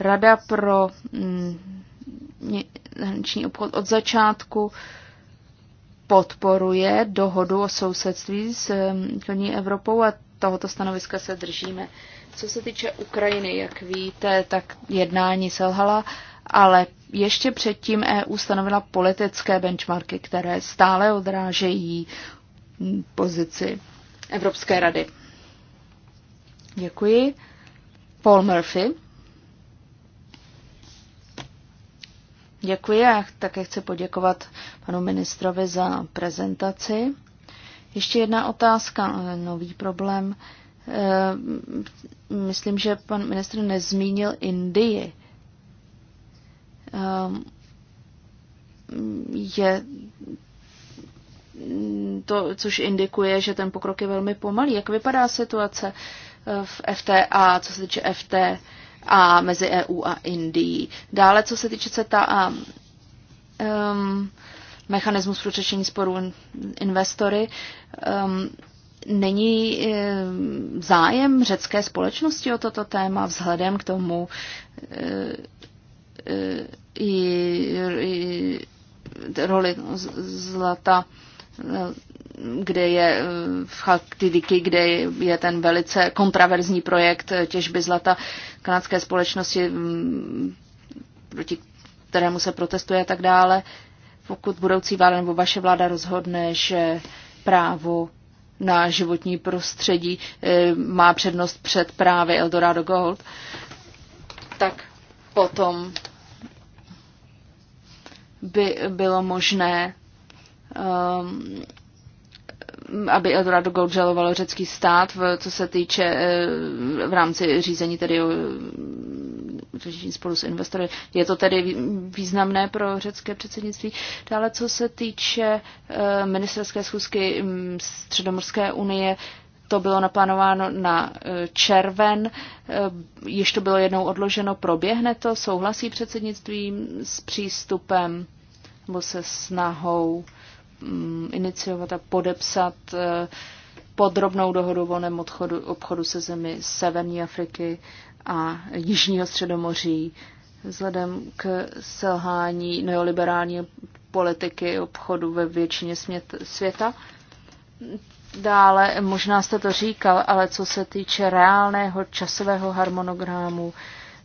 Speaker 3: Rada pro mm, zahraniční obchod od začátku podporuje dohodu o sousedství s východní Evropou a tohoto stanoviska se držíme. Co se týče Ukrajiny, jak víte, tak jednání selhala, ale ještě předtím EU stanovila politické benchmarky, které stále odrážejí pozici Evropské rady. Děkuji. Paul Murphy. Děkuji a také chci poděkovat panu ministrovi za prezentaci. Ještě jedna otázka, eh, nový problém. Eh, myslím, že pan ministr nezmínil Indii. Eh, je to, což indikuje, že ten pokrok je velmi pomalý. Jak vypadá situace v FTA, co se týče FTA? a mezi EU a Indií. Dále, co se týče CETA a um, mechanismus pro řešení sporů investory, um, není um, zájem řecké společnosti o toto téma vzhledem k tomu, uh, uh, i, i, roli zlata kde je eh, v Chalkidiky, kde je ten velice kontraverzní projekt eh, těžby zlata kanadské společnosti, mm, proti kterému se protestuje a tak dále. Pokud budoucí vláda nebo vaše vláda rozhodne, že právo na životní prostředí eh, má přednost před právy Eldorado Gold, tak potom by bylo možné um, aby Eldorado Gold žalovalo řecký stát, v, co se týče eh, v rámci řízení tedy eh, řešení spolu s investory. Je to tedy významné pro řecké předsednictví. Dále, co se týče eh, ministerské schůzky mm, Středomorské unie, to bylo naplánováno na červen, již to bylo jednou odloženo, proběhne to, souhlasí předsednictvím s přístupem nebo se snahou Mm, iniciovat a podepsat eh, podrobnou dohodu o volném odchodu, obchodu se zemi Severní Afriky a Jižního středomoří vzhledem k selhání neoliberální politiky obchodu ve většině světa. Dále, možná jste to říkal, ale co se týče reálného časového harmonogramu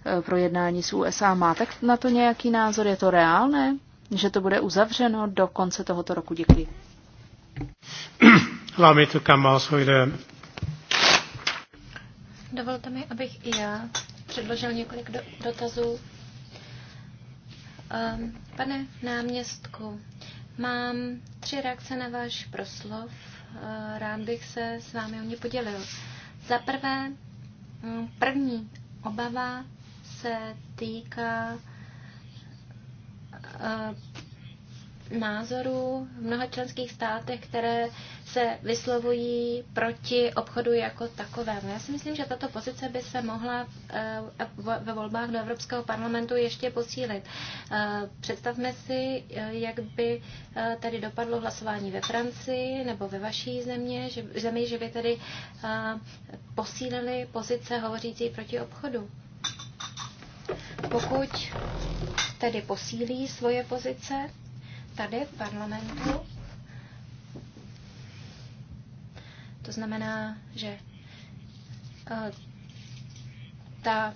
Speaker 3: eh, pro jednání s USA, máte na to nějaký názor? Je to reálné? že to bude uzavřeno do konce tohoto roku. Děkuji.
Speaker 2: Dovolte mi, abych i já předložil několik do, dotazů. Um, pane náměstku, mám tři reakce na váš proslov. Uh, rád bych se s vámi o ně podělil. Za prvé, ehm, první obava se týká Eh, názorů v mnoha členských státech, které se vyslovují proti obchodu jako takovému. Já si myslím, že tato pozice by se mohla eh, ve volbách do Evropského parlamentu ještě posílit. Eh, představme si, jak by tady dopadlo hlasování ve Francii nebo ve vaší země, že, zemi, že by tedy posílili pozice hovořící proti obchodu. Pokud tedy posílí svoje pozice tady v parlamentu. To znamená, že eh, ta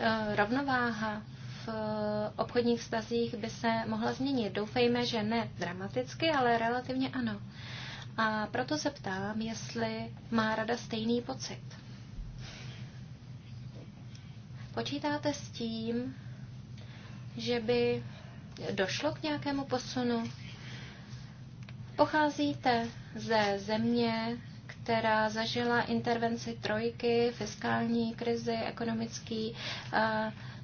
Speaker 2: eh, rovnováha v eh, obchodních vztazích by se mohla změnit. Doufejme, že ne dramaticky, ale relativně ano. A proto se ptám, jestli má rada stejný pocit. Počítáte s tím, že by došlo k nějakému posunu? Pocházíte ze země, která zažila intervenci trojky, fiskální krizi, ekonomický uh,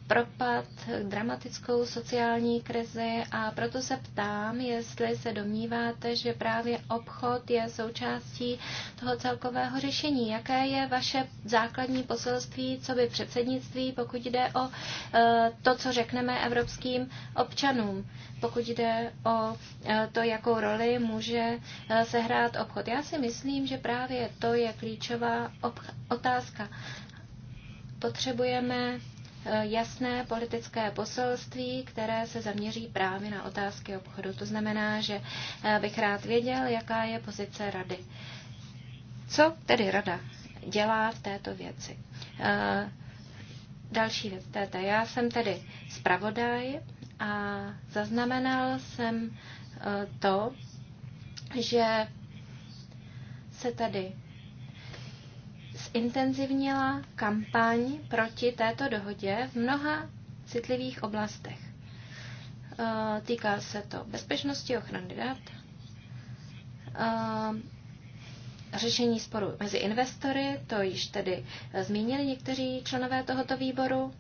Speaker 2: propad, dramatickou sociální krizi a proto se ptám, jestli se domníváte, že právě obchod je součástí toho celkového řešení. Jaké je vaše základní poselství, co by předsednictví, pokud jde o e, to, co řekneme evropským občanům, pokud jde o e, to, jakou roli může e, sehrát obchod. Já si myslím, že právě to je klíčová otázka. Potřebujeme Eh, jasné politické poselství, které se zaměří právě na otázky obchodu. To znamená, že eh, bych rád věděl, jaká je pozice rady. Co tedy rada dělá v této věci? Eh, další věc, Tete. Já jsem tedy zpravodaj a zaznamenal jsem to, že se tady zintenzivnila kampaň proti této dohodě v mnoha citlivých oblastech. Eh, týká se to bezpečnosti ochrany dat, eh, řešení sporu mezi investory, to již tedy eh, zmínili někteří členové tohoto výboru.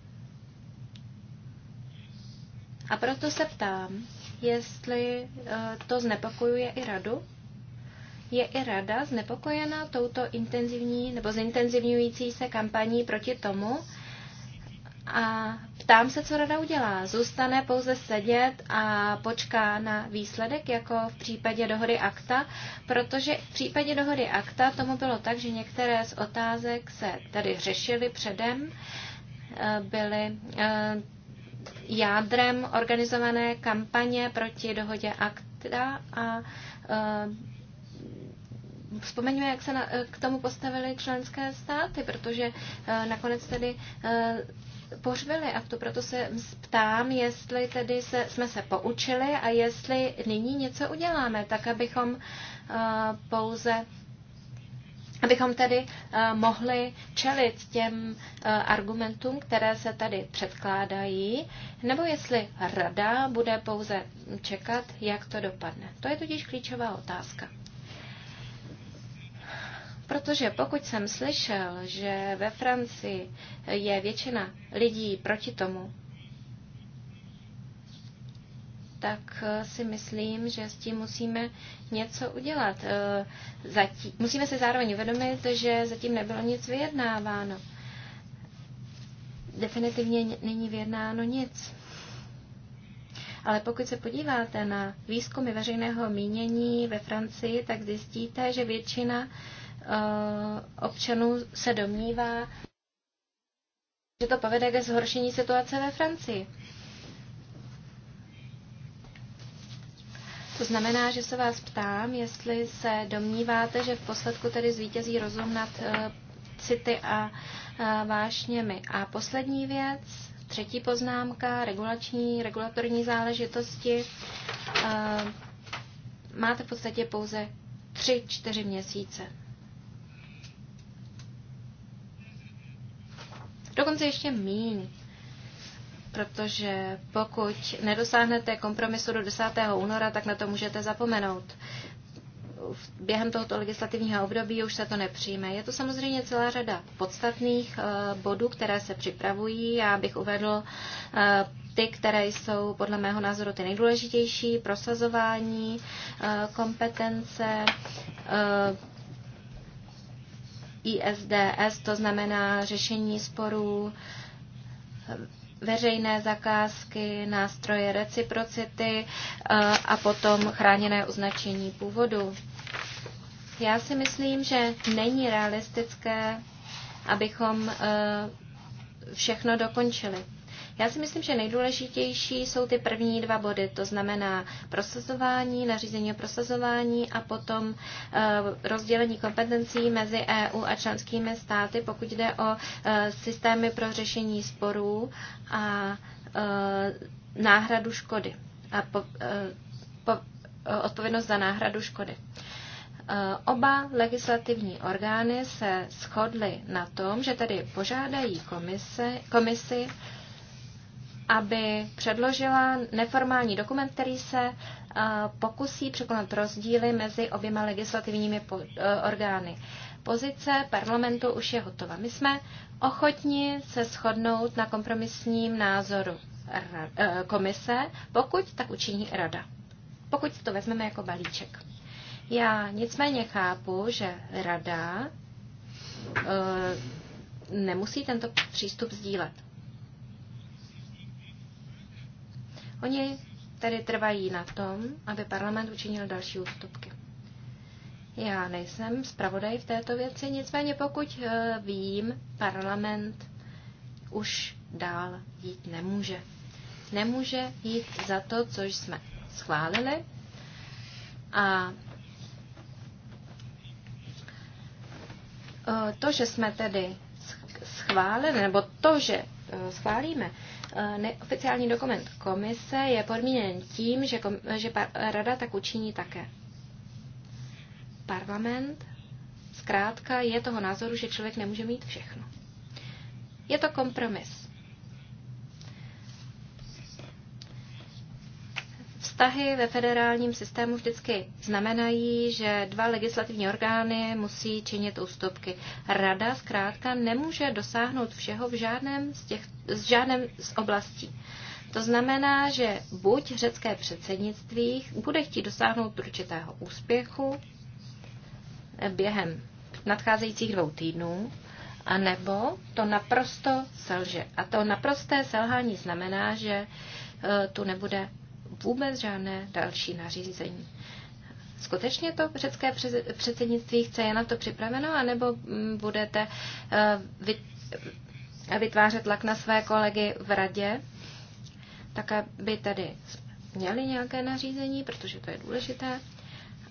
Speaker 2: A proto se ptám, jestli to znepokojuje i radu, je i rada znepokojená touto intenzivní nebo zintenzivňující se kampaní proti tomu, a ptám se, co rada udělá. Zůstane pouze sedět a počká na výsledek, jako v případě dohody akta, protože v případě dohody akta tomu bylo tak, že některé z otázek se tady řešily předem, eh, byly eh, jádrem organizované kampaně proti dohodě akta a eh, Vzpomeňme, jak se na, eh, k tomu postavili členské státy, protože eh, nakonec tedy eh, pořvili a to proto se ptám, jestli tedy se, jsme se poučili a jestli nyní něco uděláme, tak abychom uh, pouze abychom tedy uh, mohli čelit těm uh, argumentům, které se tady předkládají, nebo jestli rada bude pouze čekat, jak to dopadne. To je totiž klíčová otázka. Protože pokud jsem slyšel, že ve Francii je většina lidí proti tomu, tak eh, si myslím, že s tím musíme něco udělat. Eh, zatím, musíme se zároveň uvědomit, že zatím nebylo nic vyjednáváno. Definitivně není vyjednáno nic. Ale pokud se podíváte na výzkumy veřejného mínění ve Francii, tak zjistíte, že většina Eh, občanů se domnívá, že to povede ke zhoršení situace ve Francii. To znamená, že se vás ptám, jestli se domníváte, že v posledku tedy zvítězí rozum nad uh, city a uh, vášněmi. A poslední věc, třetí poznámka, regulační, regulatorní záležitosti. Uh, máte v podstatě pouze tři, čtyři měsíce. Dokonce ještě míň, protože pokud nedosáhnete kompromisu do 10. února, tak na to můžete zapomenout. Během tohoto legislativního období už se to nepřijme. Je to samozřejmě celá řada podstatných eh, bodů, které se připravují. Já bych uvedl eh, ty, které jsou podle mého názoru ty nejdůležitější, prosazování, eh, kompetence, ISDS, to znamená řešení sporů, veřejné zakázky, nástroje reciprocity eh, a potom chráněné označení původu. Já si myslím, že není realistické, abychom eh, všechno dokončili. Já si myslím, že nejdůležitější jsou ty první dva body, to znamená prosazování, nařízení o prosazování a potom eh, rozdělení kompetencí mezi EU a členskými státy, pokud jde o eh, systémy pro řešení sporů a eh, náhradu škody a po, po, odpovědnost za náhradu škody. Oba legislativní orgány se shodly na tom, že tedy požádají komise, komisi aby předložila neformální dokument, který se eh, pokusí překonat rozdíly mezi oběma legislativními eh, orgány. Pozice parlamentu už je hotova. My jsme ochotni se shodnout na kompromisním názoru eh, komise, pokud tak učiní rada. Pokud to vezmeme jako balíček. Já nicméně chápu, že rada nemusí tento přístup sdílet. Oni tedy trvají na tom, aby parlament učinil další ústupky. Já nejsem zpravodaj v této věci, nicméně pokud eh, vím, parlament už dál jít nemůže. Nemůže jít za to, což jsme schválili a eh, to, že jsme tedy schválili, nebo to, že eh, schválíme Eh, neoficiální dokument komise je podmíněn tím, že, kom, že par, rada tak učiní také. Parlament zkrátka je toho názoru, že člověk nemůže mít všechno. Je to kompromis. Vztahy ve federálním systému vždycky znamenají, že dva legislativní orgány musí činit ústupky. Rada zkrátka nemůže dosáhnout všeho v žádném z, těch, z, žádném z oblastí. To znamená, že buď řecké předsednictví bude chtít dosáhnout určitého úspěchu během nadcházejících dvou týdnů, a nebo to naprosto selže. A to naprosté selhání znamená, že eh, tu nebude vůbec žádné další nařízení. Skutečně to řecké předsednictví chce, je na to připraveno, anebo mm, budete eh, vytvářet tlak na své kolegy v radě, tak aby tedy měli nějaké nařízení, protože to je důležité.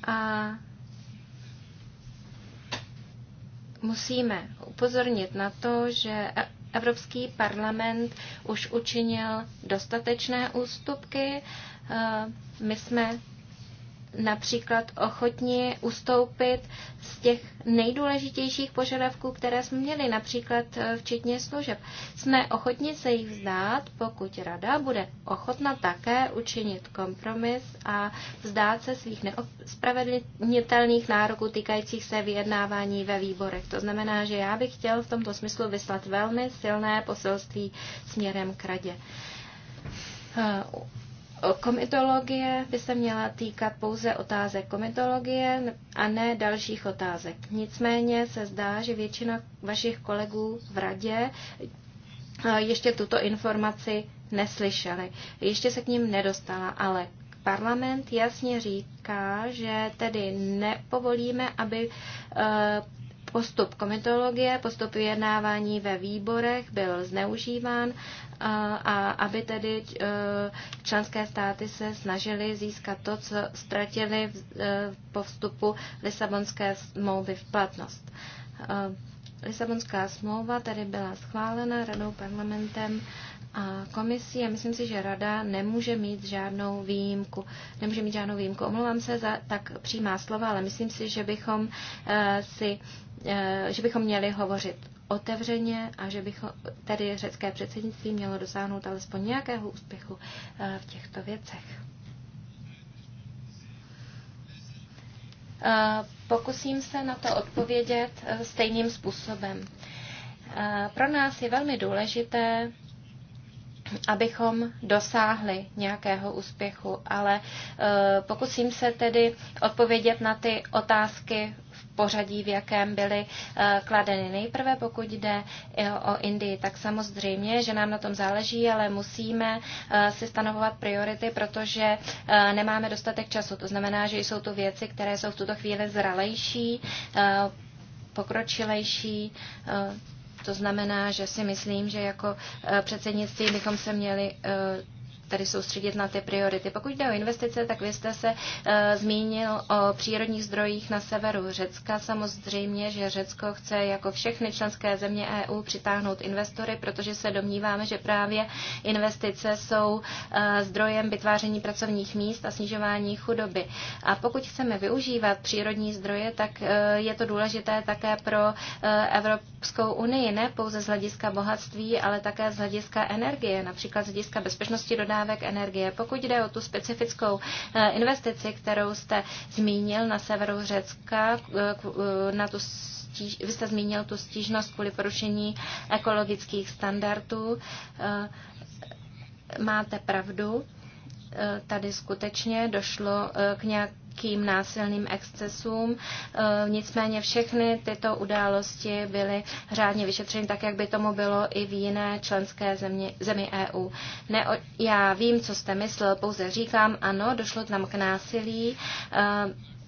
Speaker 2: A musíme upozornit na to, že Evropský parlament už učinil dostatečné ústupky. Eh, my jsme například ochotni ustoupit z těch nejdůležitějších požadavků, které jsme měli, například eh, včetně služeb. Jsme ochotni se jich vzdát, pokud rada bude ochotna také učinit kompromis a vzdát se svých neospravedlnitelných nároků týkajících se vyjednávání ve výborech. To znamená, že já bych chtěl v tomto smyslu vyslat velmi silné poselství směrem k radě eh, komitologie by se měla týkat pouze otázek komitologie a ne dalších otázek. Nicméně se zdá, že většina vašich kolegů v radě eh, ještě tuto informaci neslyšeli. Ještě se k ním nedostala, ale parlament jasně říká, že tedy nepovolíme, aby eh, postup komitologie, postup vyjednávání ve výborech byl zneužíván a aby tedy e, členské státy se snažily získat to, co ztratili e, po vstupu Lisabonské smlouvy v platnost. E, Lisabonská smlouva tedy byla schválena radou parlamentem a komisí a myslím si, že rada nemůže mít žádnou výjimku. Nemůže mít žádnou výjimku. Omlouvám se za tak přímá slova, ale myslím si, že bychom si Eh, že bychom měli hovořit otevřeně a že bychom tedy řecké předsednictví mělo dosáhnout alespoň nějakého úspěchu eh, v těchto věcech. Eh, pokusím se na to odpovědět stejným způsobem. Pro nás je velmi důležité, abychom dosáhli nějakého úspěchu, ale pokusím se tedy odpovědět na ty otázky pořadí, v jakém byly eh, kladeny. Nejprve, pokud jde eh, o Indii, tak samozřejmě, že nám na tom záleží, ale musíme eh, si stanovovat priority, protože nemáme dostatek času. To znamená, že jsou to věci, které jsou v tuto chvíli zralejší, pokročilejší. To znamená, že si myslím, že jako předsednictví bychom se měli tady soustředit na ty priority. Pokud jde o investice, tak vy jste se uh, zmínil o přírodních zdrojích na severu Řecka. Samozřejmě, že Řecko chce jako všechny členské země EU přitáhnout investory, protože se domníváme, že právě investice jsou uh, zdrojem vytváření pracovních míst a snižování chudoby. A pokud chceme využívat přírodní zdroje, tak uh, je to důležité také pro uh, Evropskou unii, ne pouze z hlediska bohatství, ale také z hlediska energie, například z hlediska bezpečnosti dodávání dodávek energie. Pokud jde o tu specifickou eh, investici, kterou jste zmínil na severu Řecka, eh, eh, na tu stíž, vy jste zmínil tu stížnost kvůli porušení ekologických standardů. Máte pravdu, tady skutečně došlo k nějak nějakým násilným excesům. E, nicméně všechny tyto události byly řádně vyšetřeny tak, jak by tomu bylo i v jiné členské zemi, zemi EU. Ne, já vím, co jste myslel, pouze říkám, ano, došlo tam k násilí e,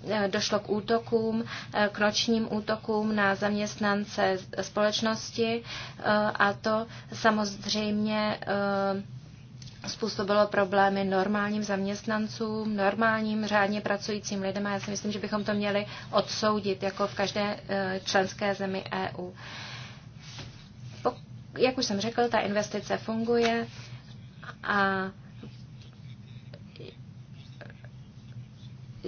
Speaker 2: e, došlo k útokům, k nočním útokům na zaměstnance společnosti a to samozřejmě způsobilo problémy normálním zaměstnancům, normálním řádně pracujícím lidem a já si myslím, že bychom to měli odsoudit, jako v každé e, členské zemi EU. Jak už jsem řekl, ta investice funguje a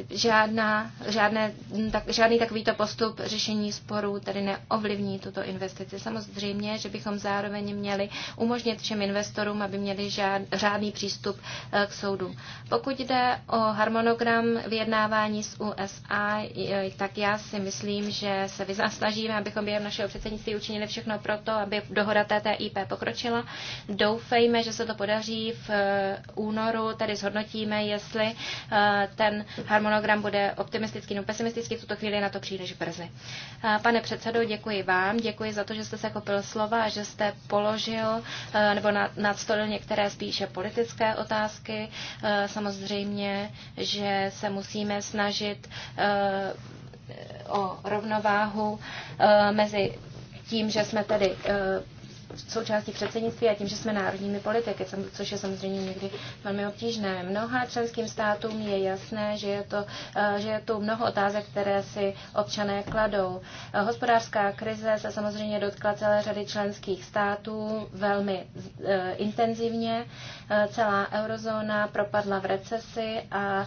Speaker 2: žádná, žádné, tak, žádný takovýto postup řešení sporů tedy neovlivní tuto investici. Samozřejmě, že bychom zároveň měli umožnit všem investorům, aby měli žád, řádný přístup eh, k soudu. Pokud jde o harmonogram vyjednávání s USA, eh, tak já si myslím, že se vyzastažíme, abychom během našeho předsednictví učinili všechno pro to, aby dohoda TTIP pokročila. Doufejme, že se to podaří v eh, únoru, tedy zhodnotíme, jestli ten harmonogram harmonogram bude optimistický nebo pesimistický, v tuto chvíli je na to příliš brzy. Pane předsedo, děkuji vám, děkuji za to, že jste se kopil slova a že jste položil e, nebo nadstolil některé spíše politické otázky. E, samozřejmě, že se musíme snažit e, o rovnováhu mezi tím, že jsme tedy součástí předsednictví a tím, že jsme národními politiky, což je samozřejmě někdy velmi obtížné. Mnoha členským státům je jasné, že je, to, eh, že je tu mnoho otázek, které si občané kladou. Eh, hospodářská krize se samozřejmě dotkla celé řady členských států velmi eh, intenzivně. Celá eurozóna propadla v recesi a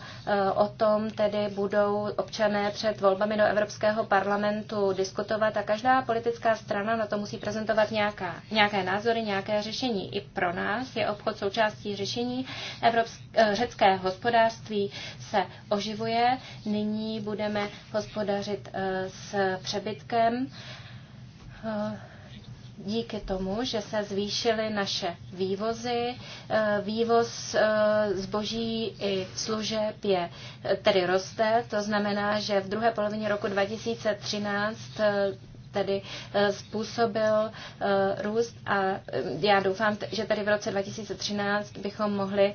Speaker 2: o tom tedy budou občané před volbami do Evropského parlamentu diskutovat a každá politická strana na to musí prezentovat nějaká nějaké názory, nějaké řešení. I pro nás je obchod součástí řešení. Evropské, eh, řecké hospodářství se oživuje. Nyní budeme hospodařit eh, s přebytkem eh, díky tomu, že se zvýšily naše vývozy. Vývoz zboží i služeb je tedy roste, to znamená, že v druhé polovině roku 2013 tedy eh, způsobil eh, růst a eh, já doufám, že tady v roce 2013 bychom mohli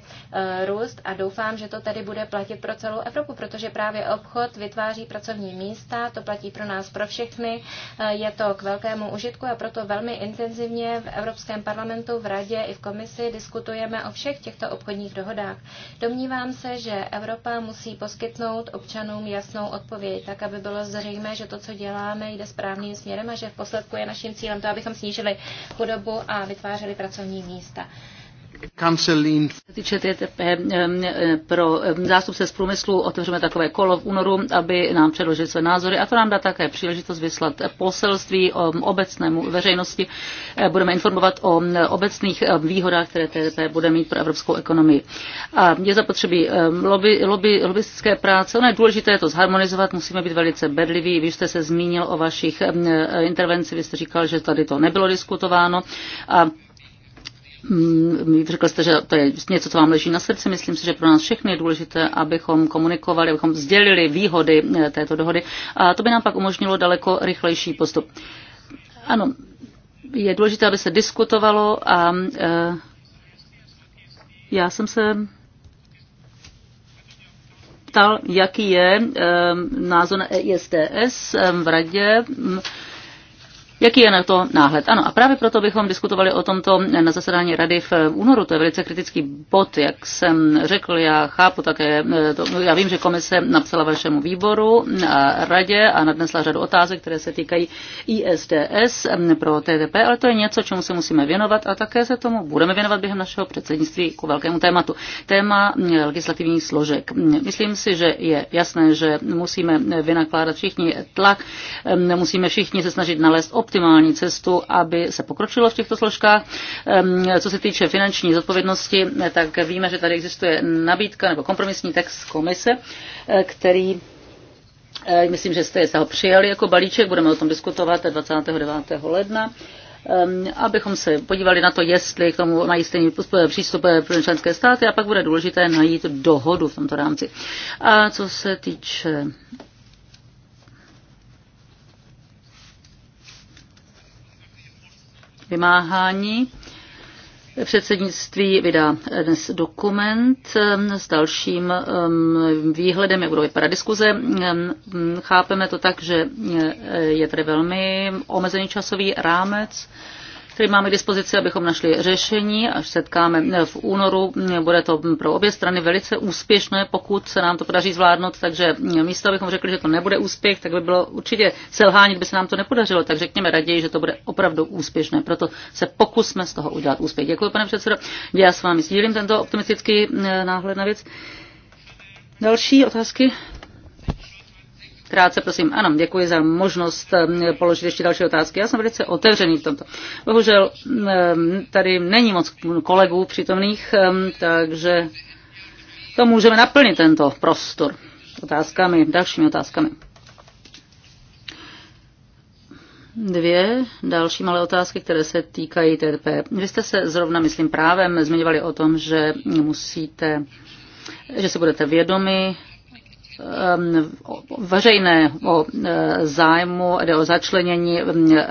Speaker 2: růst a doufám, že to tady bude platit pro celou Evropu, protože právě obchod vytváří pracovní místa, to platí pro nás, pro všechny, je to k velkému užitku a proto velmi intenzivně v Evropském parlamentu, v Radě i v komisi diskutujeme o všech těchto obchodních dohodách. Domnívám se, že Evropa musí poskytnout občanům jasnou odpověď, tak aby bylo zřejmé, že to, co děláme, jde správným směrem směrem a že v posledku je naším cílem to, abychom snížili chudobu a vytvářeli pracovní místa.
Speaker 1: Týče TTP eh, eh, pro eh, zástupce z průmyslu otevřeme takové kolo v únoru, aby nám předložili své názory a to nám dá také příležitost vyslat poselství o obecnému veřejnosti. Budeme informovat o obecných výhodách, které TTP bude mít pro evropskou ekonomii. A je zapotřebí lobby, lobby, lobbystické práce. Ono je důležité to zharmonizovat, musíme být velice bedliví. Vy jste se zmínil o vašich intervenci, vy jste říkal, že tady to nebylo diskutováno. A Hmm, řekl jste, že to je něco, co vám leží na srdci. Myslím si, že pro nás všechny je důležité, abychom komunikovali, abychom sdělili výhody eh, této dohody. A to by nám pak umožnilo daleko rychlejší postup. Ano, je důležité, aby se diskutovalo a e, já jsem se ptal, jaký je e, názor na EISDS v radě. E, Jaký je na to náhled? Ano, a právě proto bychom diskutovali o tomto na zasedání rady v únoru. To je velice kritický bod, jak jsem řekl. Já chápu také, eh, to, no, já vím, že komise napsala vašemu výboru a eh, radě a nadnesla řadu otázek, které se týkají ISDS mm, pro TDP, ale to je něco, čemu se musíme věnovat a také se tomu budeme věnovat během našeho předsednictví k velkému tématu. Téma mm, legislativních složek. Mm, myslím si, že je jasné, že musíme vynakládat všichni tlak, musíme všichni se snažit nalézt optimální cestu, aby se pokročilo v těchto složkách. Co se týče finanční zodpovědnosti, tak víme, že tady existuje nabídka nebo kompromisní text komise, eh, který eh, myslím, že jste se ho přijali jako balíček, budeme o tom diskutovat 29. ledna abychom se podívali na to, jestli k tomu mají stejný eh, přístup pro členské státy a pak bude důležité najít dohodu v tomto rámci. A co se týče vymáhání. Předsednictví vydá dnes dokument ehm, s dalším ehm, výhledem, jak budou vypadat diskuze. Ehm, chápeme to tak, že eh, je tady velmi omezený časový rámec který máme k dispozici, abychom našli řešení. Až setkáme v únoru, bude to pro obě strany velice úspěšné, pokud se nám to podaří zvládnout. Takže místo, abychom řekli, že to nebude úspěch, tak by bylo určitě selhání, kdyby se nám to nepodařilo. Tak řekněme raději, že to bude opravdu úspěšné. Proto se pokusme z toho udělat úspěch. Děkuji, pane předsedo. Já s vámi sdílím tento optimistický eh, náhled na věc. Další otázky? Krátce, prosím. Ano, děkuji za možnost eh, položit ještě další otázky. Já jsem velice otevřený v tomto. Bohužel eh, tady není moc kolegů přítomných, eh, takže to můžeme naplnit tento prostor otázkami, dalšími otázkami. Dvě další malé otázky, které se týkají TDP. Vy jste se zrovna, myslím, právem zmiňovali o tom, že musíte, že se budete vědomi Um, veřejného e, zájmu, jde o začlenění um, e,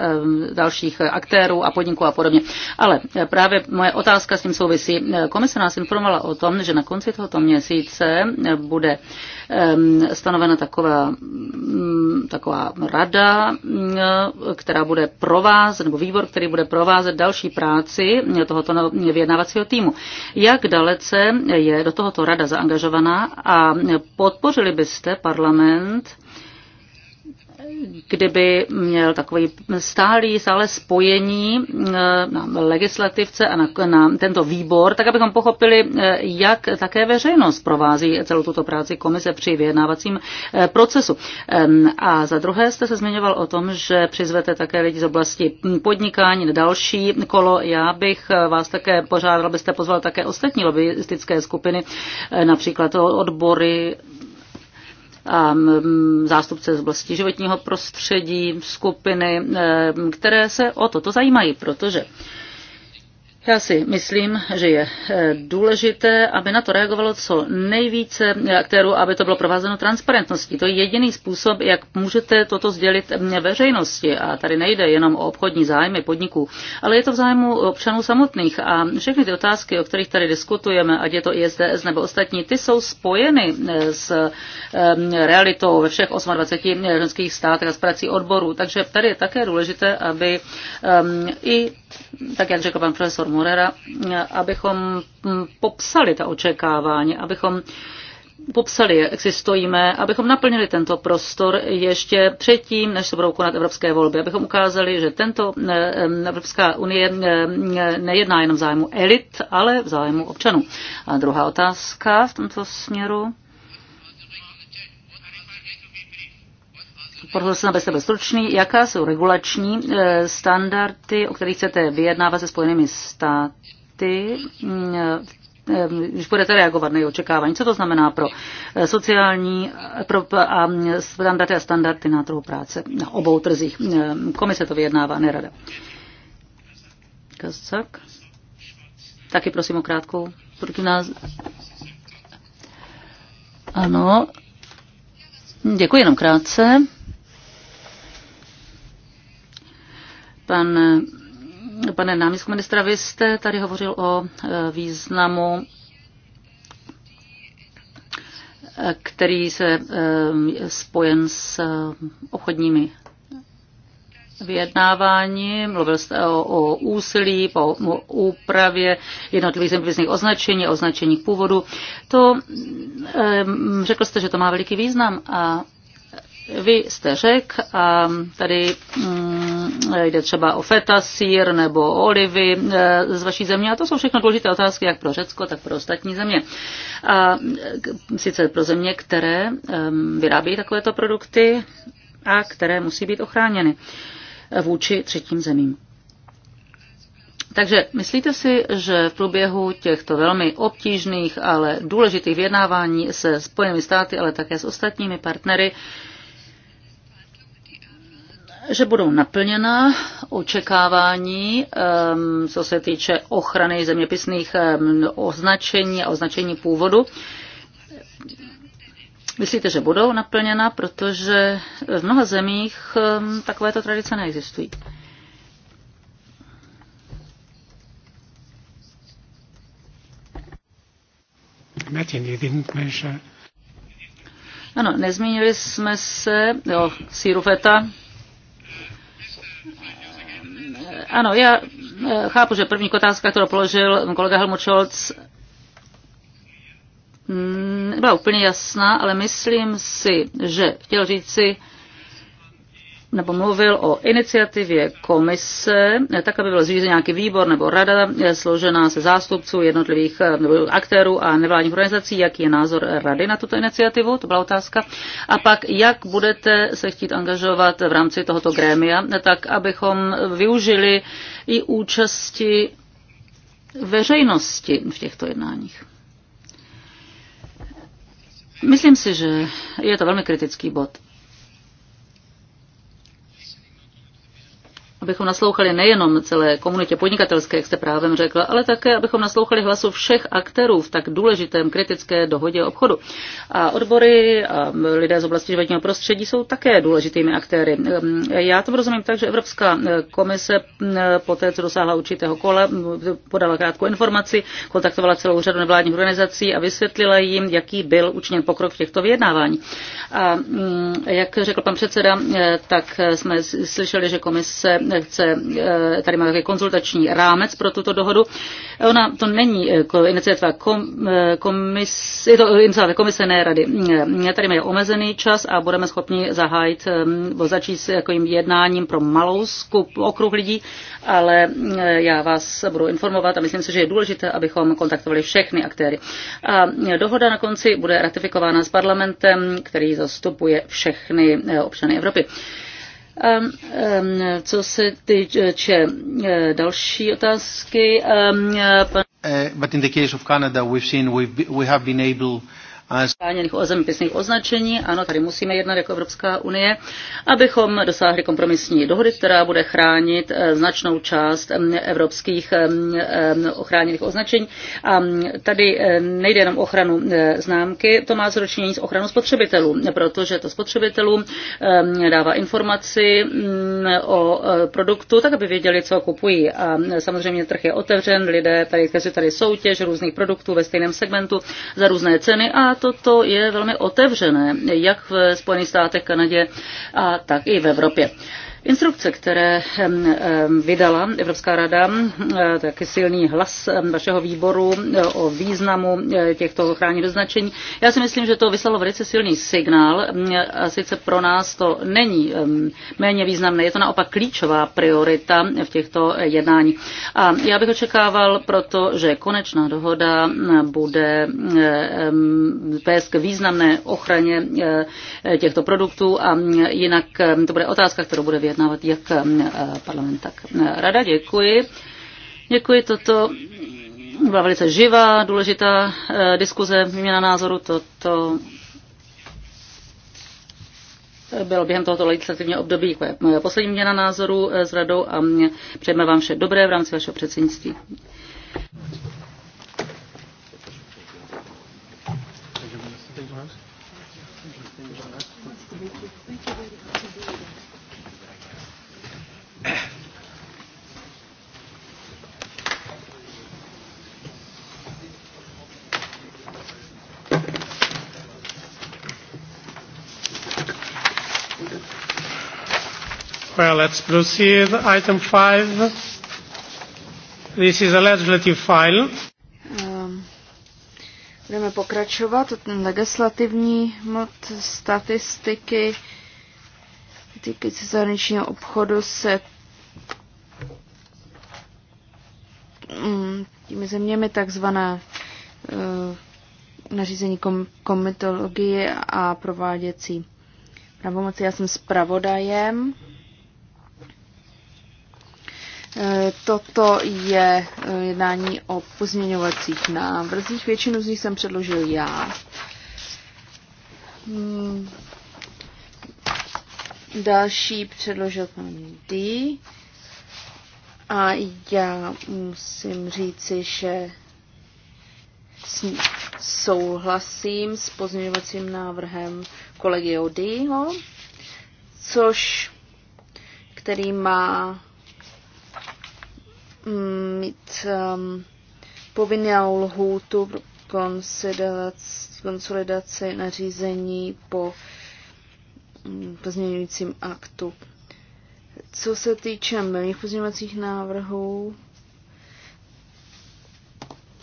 Speaker 1: dalších aktérů a podniků a podobně. Ale právě moje otázka s tím souvisí. E, Komise nás informovala o tom, že na konci tohoto měsíce bude stanovena taková, mm, taková rada, mm, která bude provázet, nebo výbor, který bude provázet další práci tohoto no, vyjednávacího týmu. Jak dalece je do tohoto rada zaangažovaná a podpořili byste parlament kdyby měl takový stálý, stále spojení eh, na legislativce a na, na tento výbor, tak abychom pochopili, eh, jak také veřejnost provází celou tuto práci komise při vyjednávacím eh, procesu. A za druhé jste se zmiňoval o tom, že přizvete také lidi z oblasti podnikání na další kolo. Já bych vás také požádal, abyste pozval také ostatní lobbyistické skupiny, například odbory a zástupce z oblasti životního prostředí, skupiny, e, které se o toto zajímají, protože já si myslím, že je eh, důležité, aby na to reagovalo co nejvíce eh, aktérů, aby to bylo provázeno transparentností. To je jediný způsob, jak můžete toto sdělit mm, veřejnosti. A tady nejde jenom o obchodní zájmy podniků, ale je to v zájmu občanů samotných. A všechny ty otázky, o kterých tady diskutujeme, ať je to ISDS nebo ostatní, ty jsou spojeny eh, s ehm, realitou ve všech 28 členských státech a s prací odborů. Takže tady je také důležité, aby ehm, i tak jak řekl pan profesor Morera, abychom popsali ta očekávání, abychom popsali, jak si stojíme, abychom naplnili tento prostor ještě předtím, než se budou konat evropské volby, abychom ukázali, že tento eh, eh, Evropská unie eh, nejedná jenom v zájmu elit, ale v zájmu občanů. A druhá otázka v tomto směru. prosím, abyste byl stručný. Jaká jsou regulační eh, standardy, o kterých chcete vyjednávat se Spojenými státy? Mm, eh, když budete reagovat na její očekávání. Co to znamená pro eh, sociální pro, a mm, standardy a standardy na trhu práce na obou trzích? Mm, komise to vyjednává, nerada. Kazak. Taky prosím o krátkou. Proti nás. Ano. Děkuji jenom krátce. Pan, pane náměstku ministra, vy jste tady hovořil o e, významu e, který se e, spojen s obchodními vyjednávání, mluvil jste o, o úsilí, po úpravě jednotlivých zeměpisných označení, označení původu. To, řekl jste, že to má veliký význam a vy jste řek a tady mm, jde třeba o feta, sír nebo o olivy e, z vaší země a to jsou všechno důležité otázky jak pro Řecko, tak pro ostatní země. A sice pro země, které um, vyrábějí takovéto produkty a které musí být ochráněny vůči třetím zemím. Takže myslíte si, že v průběhu těchto velmi obtížných, ale důležitých vyjednávání se Spojenými státy, ale také s ostatními partnery, že budou naplněna očekávání, co se týče ochrany zeměpisných označení a označení původu. Myslíte, že budou naplněna, protože v mnoha zemích takovéto tradice neexistují. Ano, nezmínili jsme se o síru feta ano, já eh, chápu, že první otázka, kterou položil kolega Helmut Scholz, mm, byla úplně jasná, ale myslím si, že chtěl říci, si, nebo mluvil o iniciativě komise, tak aby byl zřízen nějaký výbor nebo rada složená se zástupců jednotlivých eh, aktérů a nevládních organizací. Jaký je názor rady na tuto iniciativu? To byla otázka. A pak, jak budete se chtít angažovat v rámci tohoto grémia, tak abychom využili i účasti veřejnosti v těchto jednáních. Myslím si, že je to velmi kritický bod abychom naslouchali nejenom celé komunitě podnikatelské, jak jste právě řekla, ale také, abychom naslouchali hlasu všech aktérů v tak důležitém kritické dohodě obchodu. A odbory a lidé z oblasti životního prostředí jsou také důležitými aktéry. Já to rozumím tak, že Evropská komise po té, co dosáhla určitého kola, podala krátkou informaci, kontaktovala celou řadu nevládních organizací a vysvětlila jim, jaký byl učiněn pokrok v těchto vyjednávání. A jak řekl pan předseda, e, tak jsme slyšeli, že komise chce, eh, tady máme takový konzultační rámec pro tuto dohodu. Ona to není eh, iniciativa kom, eh, komis, je to komise, ne rady. Tady máme omezený čas a budeme schopni zahájit, bo začít s jakým jednáním pro malou skup, okruh lidí, ale já vás budu informovat a myslím si, že je důležité, abychom kontaktovali všechny aktéry. A dohoda na konci bude ratifikována s parlamentem, který zastupuje všechny občany Evropy. Co se týče eh, další otázky, eh, pan... Uh, but in the case of Canada, we've seen we've, we have been able chráněných zeměpisných označení. Ano, tady musíme jednat jako Evropská unie, abychom dosáhli kompromisní dohody, která bude chránit eh, značnou část eh, evropských eh, ochráněných označení. A mm, tady nejde jenom ochranu známky, to má zročnění s ochranu spotřebitelů, protože to spotřebitelům dává informaci mm, o produktu, tak aby věděli, co kupují. A samozřejmě trh je otevřen, lidé tady, kteří tady soutěž různých produktů ve stejném segmentu za různé ceny a toto je velmi otevřené, jak v Spojených státech, Kanadě a tak i v Evropě. Instrukce, které vydala Evropská rada, taky silný hlas vašeho výboru e, o významu e, těchto ochránných označení, já si myslím, že to vyslalo velice silný signál. A sice pro nás to není méně významné, je to naopak klíčová priorita v těchto e, jednání. A já bych očekával proto, že konečná dohoda bude vést k významné ochraně těchto produktů a jinak to bude otázka, kterou bude vědět vyjednávat jak eh, parlament, tak eh, rada. Děkuji. Děkuji, toto byla velice živá, důležitá eh, diskuze, výměna názoru, toto bylo během tohoto legislativního období moje poslední měna názoru s radou a přejeme vám vše dobré v rámci vašeho předsednictví. Well, let's proceed. Item 5. This is a legislative file.
Speaker 3: Ehm, budeme pokračovat. Legislativní mod statistiky týky se zahraničního obchodu se mm, těmi zeměmi takzvané uh, nařízení kom- komitologie a prováděcí pravomoci. Já jsem zpravodajem. Eh, toto je eh, jednání o pozměňovacích návrzích. Většinu z nich jsem předložil já. Hmm. Další předložil pan D. A já musím říci, že souhlasím s pozměňovacím návrhem kolegy Odyho, což který má mít um, povinnou lhůtu pro konsolidaci nařízení po mm, pozměňujícím aktu. Co se týče mých pozměňovacích návrhů,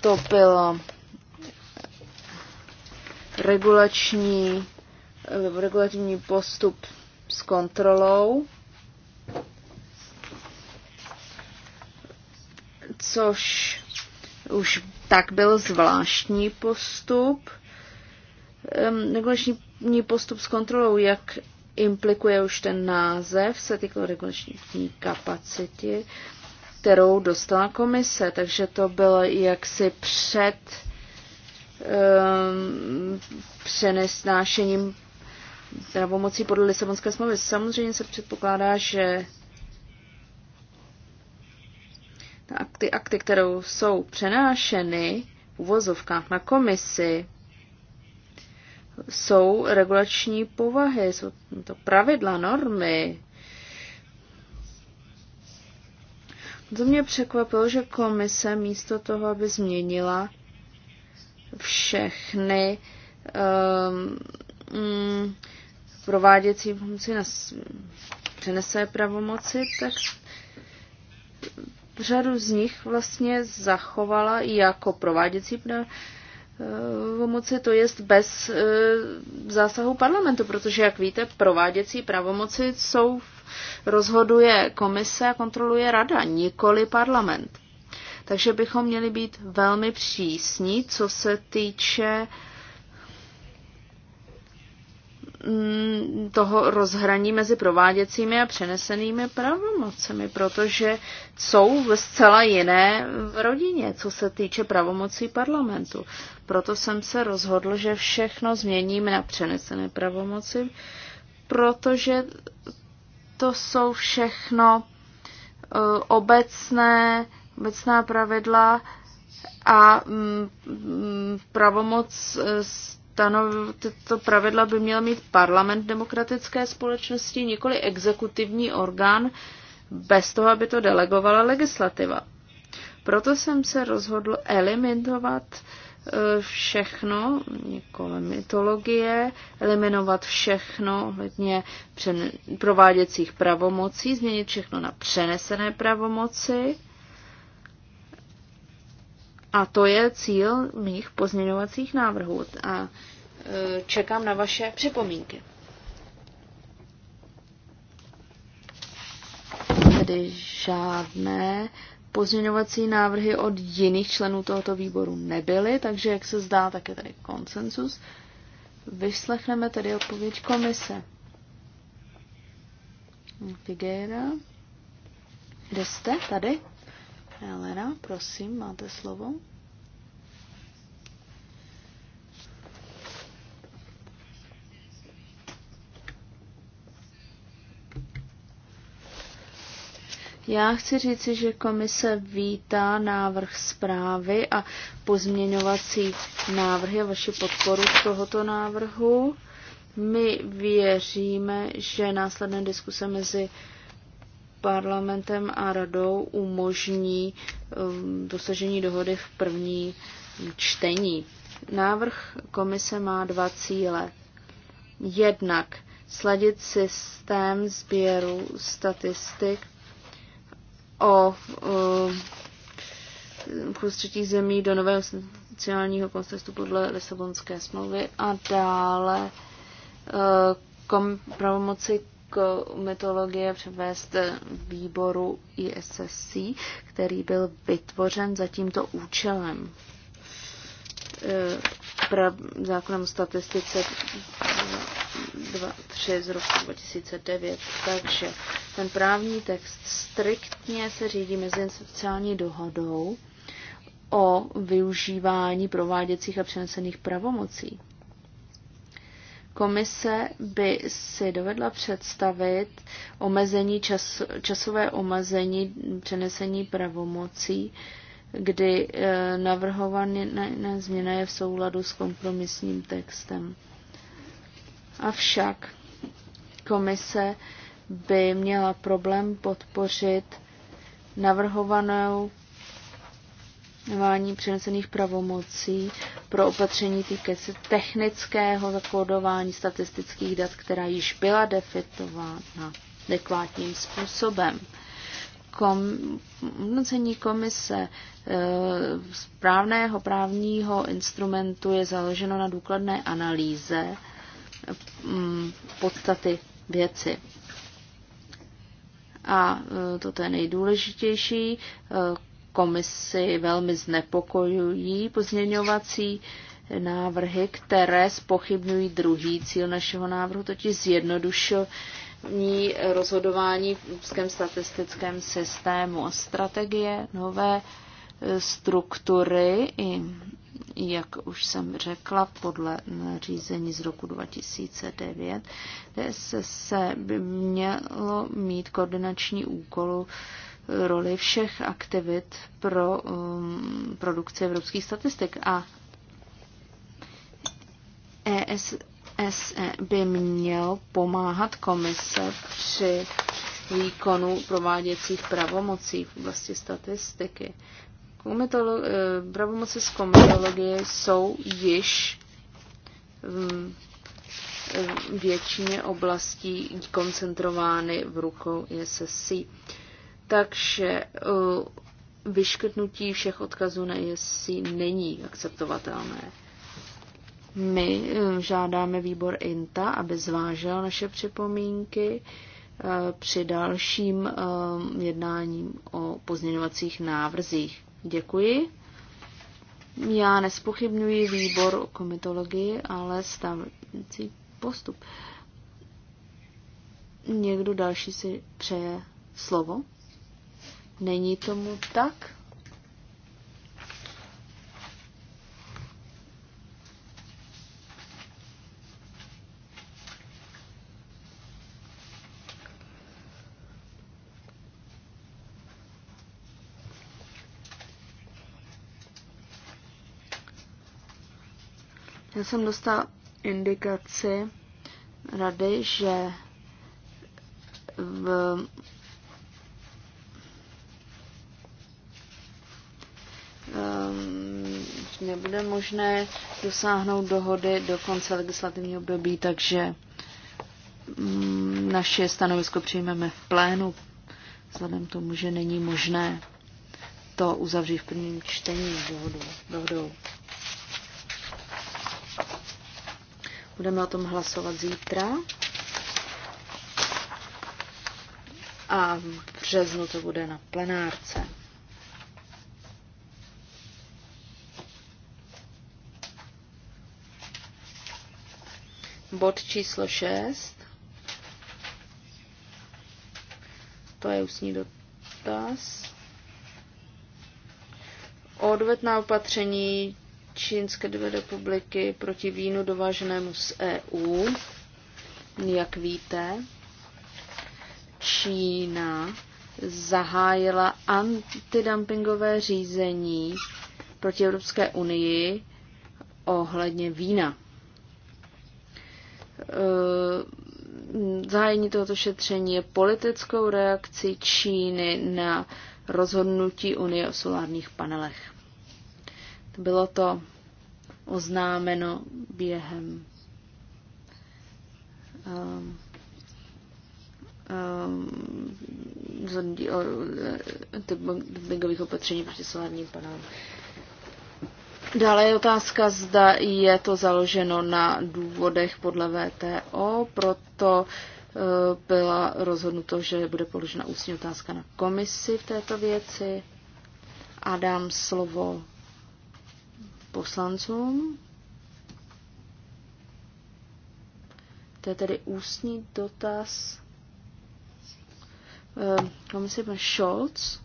Speaker 3: to bylo regulační, regulativní postup s kontrolou, což už tak byl zvláštní postup. Regulační postup s kontrolou, jak implikuje už ten název, se týkal regulační kapacity, kterou dostala komise. Takže to bylo jaksi před um, přenesnášením pravomocí podle Lisabonské smlouvy. Samozřejmě se předpokládá, že ty akty, které jsou přenášeny v uvozovkách na komisi, jsou regulační povahy, jsou to pravidla, normy. To mě překvapilo, že komise místo toho, aby změnila všechny um, um, prováděcí funkci, na přenesené pravomoci, tak řadu z nich vlastně zachovala jako prováděcí pne, pravomoci, to jest bez e, zásahu parlamentu, protože, jak víte, prováděcí pravomoci jsou, rozhoduje komise a kontroluje rada, nikoli parlament. Takže bychom měli být velmi přísní, co se týče e, Mm, toho rozhraní mezi prováděcími a přenesenými pravomocemi, protože jsou ve zcela jiné v rodině, co se týče pravomocí parlamentu. Proto jsem se rozhodl, že všechno změníme na přenesené pravomoci, protože to jsou všechno e, obecné, obecná pravidla a mm, mm, pravomoc e, tato tyto pravidla by měl mít parlament demokratické společnosti, nikoli exekutivní orgán, bez toho, aby to delegovala legislativa. Proto jsem se rozhodl eliminovat e, všechno, nikoli mytologie, eliminovat všechno, ohledně prováděcích pravomocí, změnit všechno na přenesené pravomoci, a to je cíl mých pozměňovacích návrhů a e, čekám na vaše připomínky. Tedy žádné pozměňovací návrhy od jiných členů tohoto výboru nebyly, takže jak se zdá, tak je tady konsensus. Vyslechneme tedy odpověď komise. Figuera. Kde jste? Tady? Helena, prosím, máte slovo. Já chci říci, že komise vítá návrh zprávy a pozměňovací návrhy a vaši podporu z tohoto návrhu. My věříme, že následné diskuse mezi parlamentem a radou umožní um, dosažení dohody v první čtení. Návrh komise má dva cíle. Jednak sladit systém sběru statistik o um, obchodu zemí do nového sociálního konceptu podle Lisabonské smlouvy a dále uh, kom, pravomoci komitologie převést výboru ISSC, který byl vytvořen za tímto účelem. E, pra, zákonem statistice 3 z roku 2009. Takže ten právní text striktně se řídí sociální dohodou o využívání prováděcích a přenesených pravomocí. Komise by si dovedla představit omezení čas, časové omezení přenesení pravomocí, kdy eh, navrhovaná změna je v souladu s kompromisním textem. Avšak komise by měla problém podpořit navrhovanou vání přenesených pravomocí pro opatření týkající se technického zakódování statistických dat, která již byla defitována adekvátním způsobem. Kom, komise e, správného právního instrumentu je založeno na důkladné analýze m, mm, podstaty věci. A e, toto je nejdůležitější. E, komisi velmi znepokojují pozměňovací návrhy, které spochybňují druhý cíl našeho návrhu, totiž zjednodušení rozhodování v úzkém statistickém systému. Strategie nové struktury, i, jak už jsem řekla, podle řízení z roku 2009, kde se, se by mělo mít koordinační úkolu roli všech aktivit pro um, produkci evropských statistik. A ESS e by měl pomáhat komise při výkonu prováděcích pravomocí v oblasti statistiky. Komitolo- eh, pravomoci z komitologie jsou již v mm, eh, většině oblastí koncentrovány v rukou e ISSC. Takže eh, vyškrtnutí všech odkazů na ISC není akceptovatelné. My eh, žádáme výbor INTA, aby zvážil naše připomínky eh, při dalším jednáním o pozměňovacích návrzích. Děkuji. Já nespochybnuji výbor o komitologii, ale stávající postup. Někdo další si přeje slovo? Není tomu tak? Já jsem dostal indikaci rady, že v bude možné dosáhnout dohody do konce legislativního období, takže mm, naše stanovisko přijmeme v plénu, vzhledem tomu, že není možné to uzavřít v prvním čtení dohodu. dohodou. Budeme o tom hlasovat zítra. A v březnu to bude na plenárce. bod číslo 6. To je ústní dotaz. Odvetná opatření Čínské dvě republiky proti vínu dováženému z EU. Jak víte, Čína zahájila antidumpingové řízení proti Evropské unii ohledně vína. Eh, Zahájení tohoto šetření je politickou reakcí Číny na rozhodnutí Unie o solárních panelech. Bylo to oznámeno během um, um, opatření proti solárním panelům. Dále je otázka, zda je to založeno na důvodech podle VTO, proto eh, byla rozhodnuto, že bude položena ústní otázka na komisi v této věci a dám slovo poslancům. To je tedy ústní dotaz. Eh, komise pan Scholz.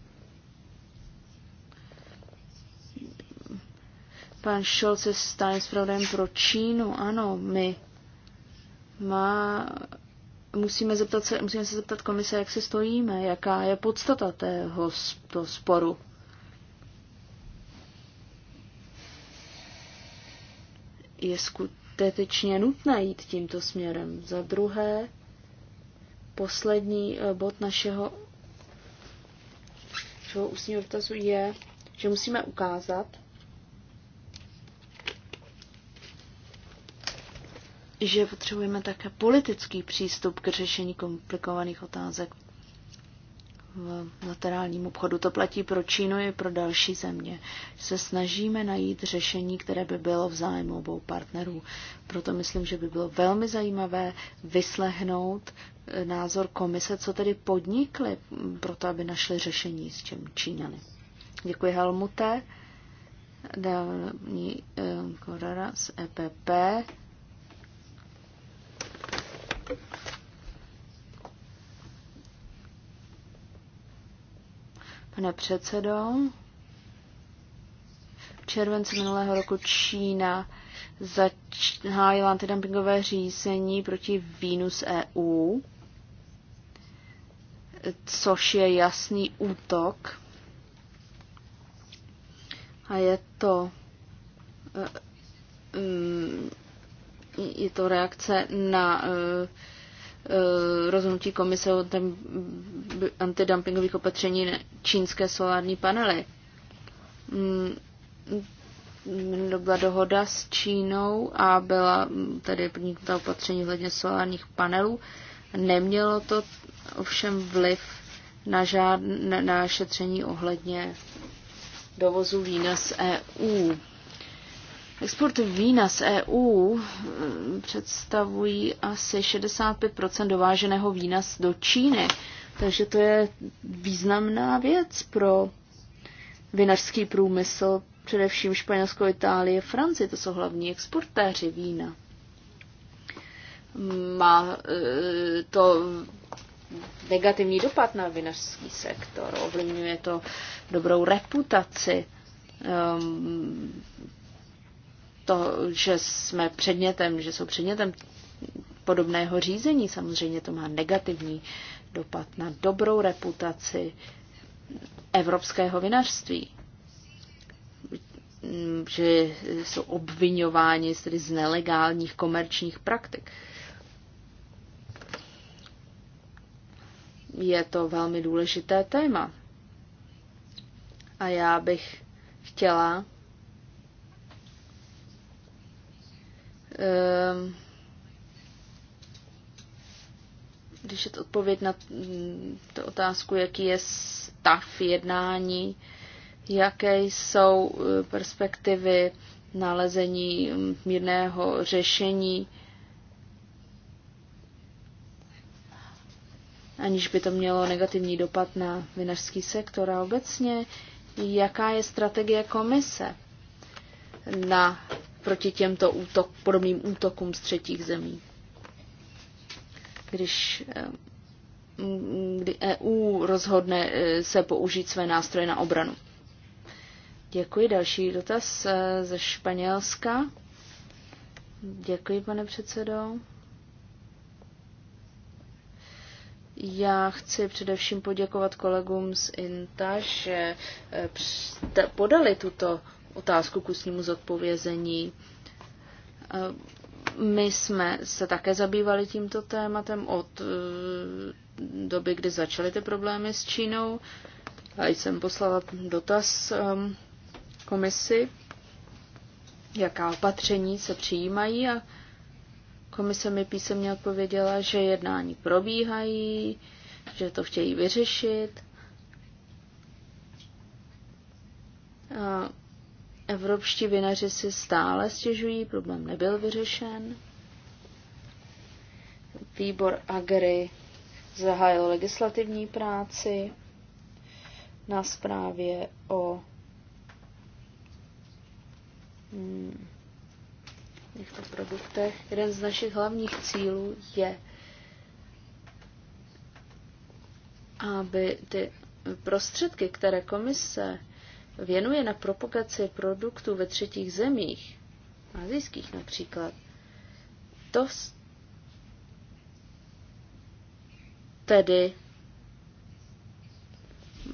Speaker 3: Pan Scholz se stane zpravodajem pro Čínu. Ano, my má, musíme, zeptat se, musíme se zeptat komise, jak se stojíme, jaká je podstata tého toho sporu. Je skutečně nutné jít tímto směrem. Za druhé, poslední eh, bod našeho, našeho ústního dotazu je, že musíme ukázat, že potřebujeme také politický přístup k řešení komplikovaných otázek v laterálním obchodu. To platí pro Čínu i pro další země. Se snažíme najít řešení, které by bylo v zájmu obou partnerů. Proto myslím, že by bylo velmi zajímavé vyslehnout eh, názor komise, co tedy podnikly to, aby našli řešení s čím Číňany. Děkuji Helmute. Dávní eh, Korara z EPP. Pane předsedo, v červenci minulého roku Čína zahájila antidumpingové řízení proti vínu z EU, což je jasný útok. A je to eh, mm, je to reakce na eh, Eh, rozhodnutí komise o antidumpingových opatření na čínské solární panely. Mm, mm, byla dohoda s Čínou a byla mm, tady podniknuta opatření hledně solárních panelů. Nemělo to ovšem vliv na, žádné, na šetření ohledně dovozu vína z EU. Export vína z EU eh, představují asi 65 dováženého vína do Číny, takže to je významná věc pro vinařský průmysl, především Španělsko, Itálie, Francie, to jsou hlavní exportéři vína. Má eh, to negativní dopad na vinařský sektor, ovlivňuje to dobrou reputaci ehm, to, že jsme předmětem, že jsou předmětem podobného řízení, samozřejmě to má negativní dopad na dobrou reputaci evropského vinařství. Že jsou obvinováni tedy z nelegálních komerčních praktik. Je to velmi důležité téma. A já bych chtěla Ehm, když je to odpověď na tu otázku, jaký je stav jednání, jaké jsou eh, perspektivy nalezení hm, mírného řešení, aniž by to mělo negativní dopad na vinařský sektor a obecně, jaká je strategie komise na proti těmto útok, podobným útokům z třetích zemí. Když eh, kdy EU rozhodne eh, se použít své nástroje na obranu. Děkuji. Další dotaz eh, ze Španělska. Děkuji, pane předsedo. Já chci především poděkovat kolegům z INTA, že podali tuto otázku k ústnímu zodpovězení. Eh, my jsme se také zabývali tímto tématem od eh, doby, kdy začaly ty problémy s Čínou. A jsem poslala dotaz ehm, komisi, jaká opatření se přijímají a komise mi písemně odpověděla, že jednání probíhají, že to chtějí vyřešit. A Evropští vinaři si stále stěžují, problém nebyl vyřešen. Výbor Agri zahájil legislativní práci na zprávě o hmm, těchto produktech. Jeden z našich hlavních cílů je, aby ty prostředky, které komise věnuje na propagaci produktů ve třetích zemích, azijských například, to tedy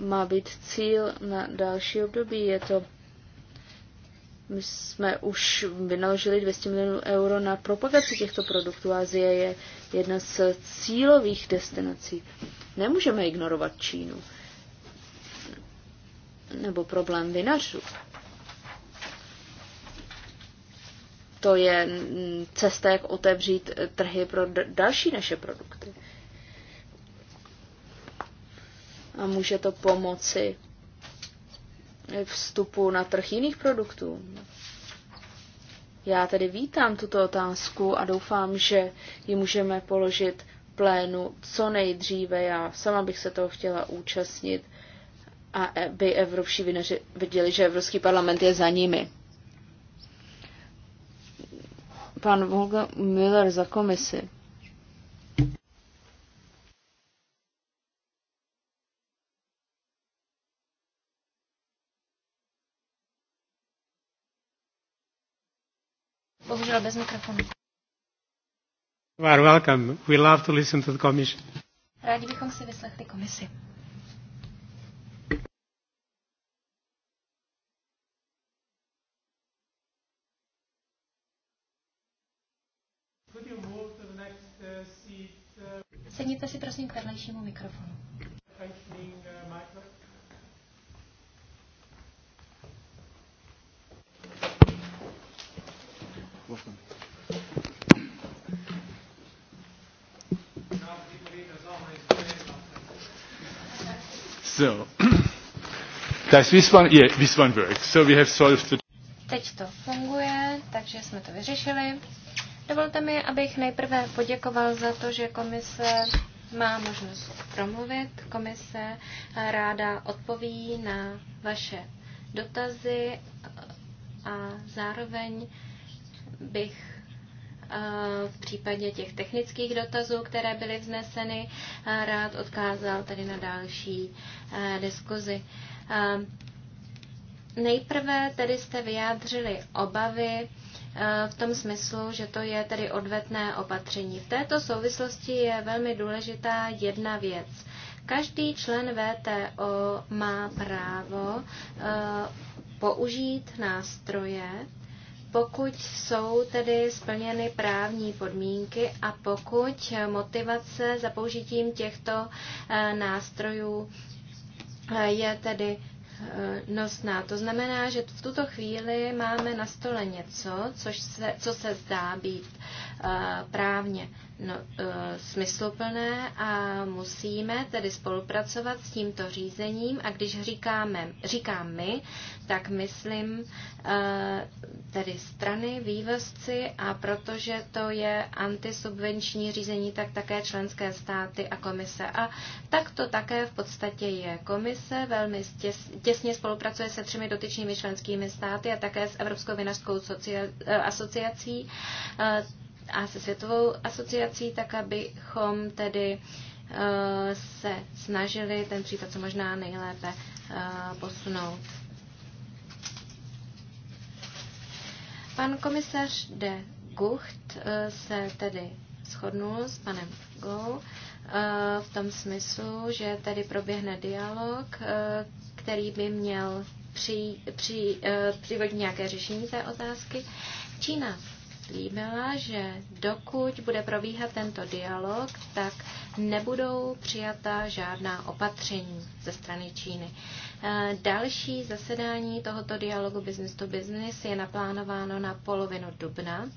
Speaker 3: má být cíl na další období. Je to, my jsme už vynaložili 200 milionů euro na propagaci těchto produktů. Azie je jedna z cílových destinací. Nemůžeme ignorovat Čínu nebo problém vinařů. To je cesta, jak otevřít trhy pro další naše produkty. A může to pomoci vstupu na trh jiných produktů. Já tedy vítám tuto otázku a doufám, že ji můžeme položit plénu co nejdříve. Já sama bych se toho chtěla účastnit a by Evropští vinaři viděli, že Evropský parlament je za nimi. Pan Volga Miller za komisi.
Speaker 1: Bohužel bez mikrofonu. You are welcome. We love to listen to the commission.
Speaker 2: Rádi bychom si vyslechli komisi.
Speaker 1: Sedněte si prosím k vedlejšímu mikrofonu.
Speaker 2: So, does this one, yeah, this one works. So we have solved the... Teď to funguje, takže jsme to vyřešili. Dovolte mi, abych nejprve poděkoval za to, že komise má možnost promluvit. Komise ráda odpoví na vaše dotazy a zároveň bych eh, v případě těch technických dotazů, které byly vzneseny, eh, rád odkázal tady na další eh, diskuzi. Nejprve tedy jste vyjádřili obavy Eh, v tom smyslu, že to je tedy odvetné opatření. V této souvislosti je velmi důležitá jedna věc. Každý člen VTO má právo eh, použít nástroje, pokud jsou tedy splněny právní podmínky a pokud motivace za použitím těchto eh, nástrojů je tedy nosná. To znamená, že v tuto chvíli máme na stole něco, což se, co se zdá být eh, právně no, e, smysluplné a musíme tedy spolupracovat s tímto řízením a když říkáme, říkám my, tak myslím e, tedy strany, vývozci a protože to je antisubvenční řízení, tak také členské státy a komise. A tak to také v podstatě je. Komise velmi těs, těsně spolupracuje se třemi dotyčnými členskými státy a také s Evropskou vinařskou eh, asociací. E, a se Světovou asociací, tak abychom tedy eh, se snažili ten případ co možná nejlépe eh, posunout. Pan komisař de Gucht eh, se tedy shodnul s panem Gou v tom smyslu, že tady proběhne dialog, který by měl při, při, přivodit nějaké řešení té otázky. Čína slíbila, že dokud bude probíhat tento dialog, tak nebudou přijata žádná opatření ze strany Číny. Eh, další zasedání tohoto dialogu Business to Business je naplánováno na polovinu dubna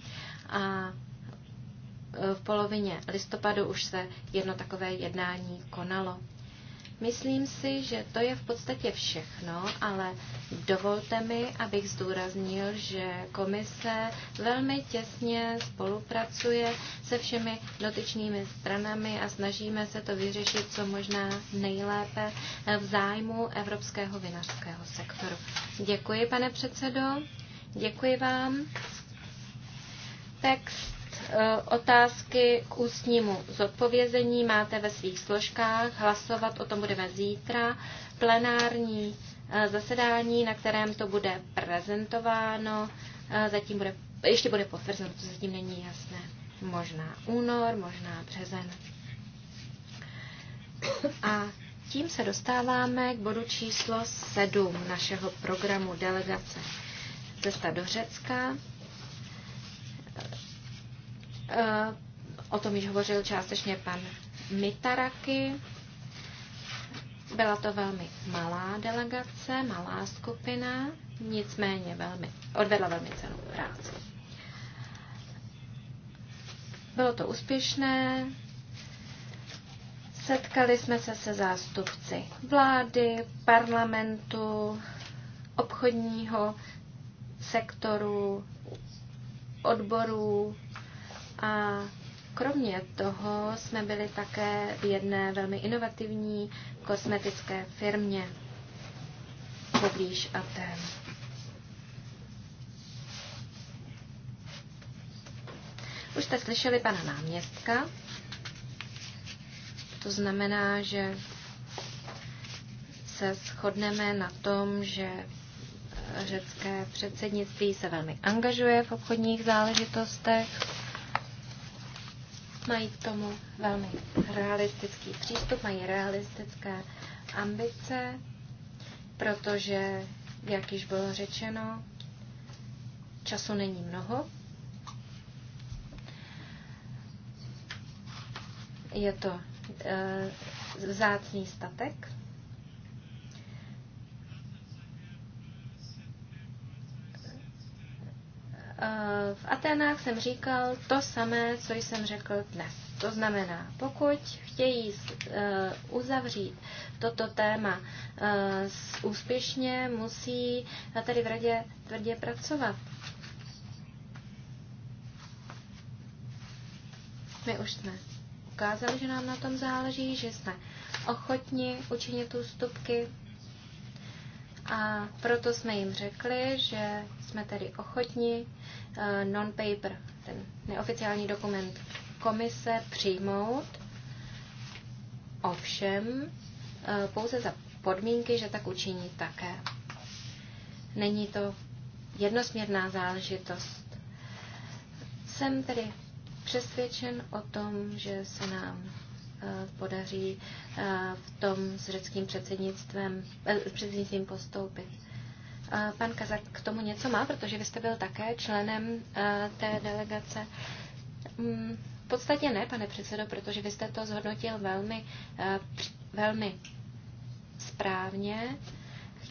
Speaker 2: a eh, v polovině listopadu už se jedno takové jednání konalo. Myslím si, že to je v podstatě všechno, ale dovolte mi, abych zdůraznil, že komise velmi těsně spolupracuje se všemi dotyčnými stranami a snažíme se to vyřešit co možná nejlépe v zájmu evropského vinařského sektoru. Děkuji, pane předsedo, děkuji vám. Text Eh, otázky k ústnímu zodpovězení máte ve svých složkách. Hlasovat o tom budeme zítra. Plenární eh, zasedání, na kterém to bude prezentováno, eh, zatím bude, ještě bude potvrzeno, to zatím není jasné. Možná únor, možná březen. A tím se dostáváme k bodu číslo 7 našeho programu delegace. Cesta do Řecka. Eh, o tom již hovořil částečně pan Mitaraky. Byla to velmi malá delegace, malá skupina, nicméně velmi, odvedla velmi cenou práci. Bylo to úspěšné, setkali jsme se se zástupci vlády, parlamentu, obchodního sektoru, odborů, a kromě toho jsme byli také v jedné velmi inovativní kosmetické firmě poblíž Aten. Už jste slyšeli pana náměstka. To znamená, že se shodneme na tom, že řecké předsednictví se velmi angažuje v obchodních záležitostech mají k tomu velmi realistický přístup, mají realistické ambice, protože, jak již bylo řečeno, času není mnoho. Je to e, vzácný statek, v Atenách jsem říkal to samé, co jsem řekl dnes. To znamená, pokud chtějí eh, uzavřít toto téma eh, úspěšně, musí tady v radě tvrdě pracovat. My už jsme ukázali, že nám na tom záleží, že jsme ochotni učinit ústupky, a proto jsme jim řekli, že jsme tedy ochotni eh, non-paper, ten neoficiální dokument komise, přijmout. Ovšem, eh, pouze za podmínky, že tak učiní také. Není to jednosměrná záležitost. Jsem tedy přesvědčen o tom, že se nám Eh, podaří eh, v tom s řeckým předsednictvím, eh, předsednictvím postoupit. Pan Kazak k tomu něco má, protože vy jste byl také členem té delegace. Mm, v podstatě ne, pane předsedo, protože vy jste to zhodnotil velmi, velmi správně.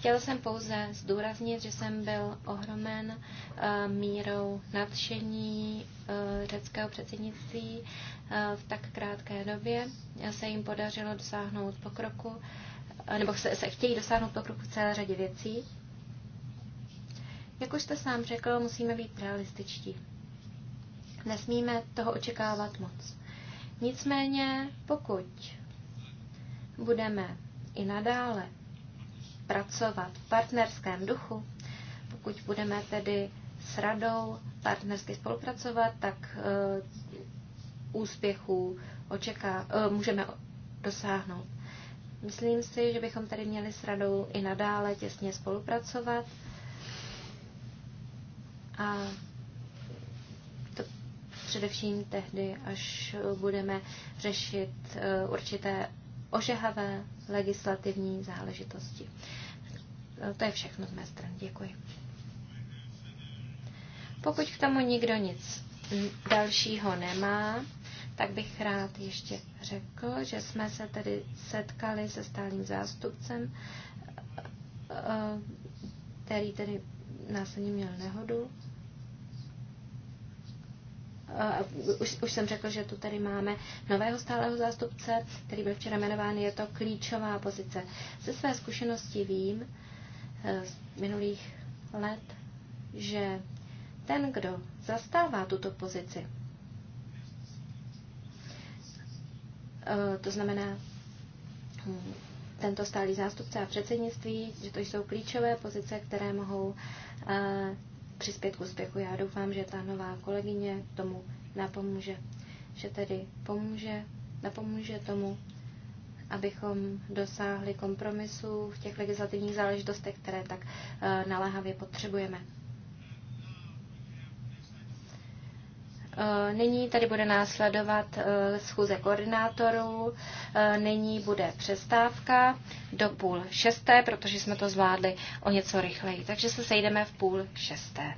Speaker 2: Chtěl jsem pouze zdůraznit, že jsem byl ohromen eh, mírou nadšení eh, řeckého předsednictví eh, v tak krátké době. Se jim podařilo dosáhnout pokroku, nebo se, se chtějí dosáhnout pokroku v celé řadě věcí. Jak už jste sám řekl, musíme být realističtí. Nesmíme toho očekávat moc. Nicméně, pokud budeme i nadále pracovat v partnerském duchu, pokud budeme tedy s radou partnersky spolupracovat, tak eh, úspěchů očeká, eh, můžeme dosáhnout. Myslím si, že bychom tady měli s radou i nadále těsně spolupracovat a to především tehdy, až budeme řešit eh, určité ožehavé legislativní záležitosti. To je všechno z mé strany. Děkuji. Pokud k tomu nikdo nic dalšího nemá, tak bych rád ještě řekl, že jsme se tedy setkali se stálým zástupcem, eh, který tedy následně měl nehodu Eh, už, už jsem řekl, že tu tady máme nového stáleho zástupce, který byl včera jmenován, je to klíčová pozice. Ze své zkušenosti vím eh, z minulých let, že ten, kdo zastává tuto pozici, eh, to znamená hm, tento stálý zástupce a předsednictví, že to jsou klíčové pozice, které mohou přispět k úspěchu. Já doufám, že ta nová kolegyně tomu napomůže, že tedy pomůže, napomůže tomu, abychom dosáhli kompromisu v těch legislativních záležitostech, které tak eh, naléhavě potřebujeme. Eh, nyní tady bude následovat eh, schůze koordinátorů, eh, nyní bude přestávka do půl šesté, protože jsme to zvládli o něco rychleji. Takže se sejdeme v půl šesté.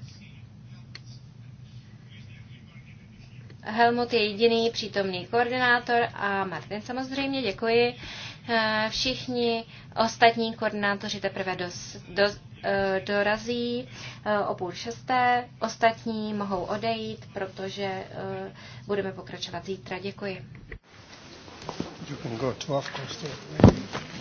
Speaker 2: Helmut je jediný přítomný koordinátor a Martin samozřejmě, děkuji. Eh, všichni ostatní koordinátoři teprve do do eh, dorazí eh, o půl šesté. Ostatní mohou odejít, protože budeme pokračovat zítra. Děkuji. You can go course,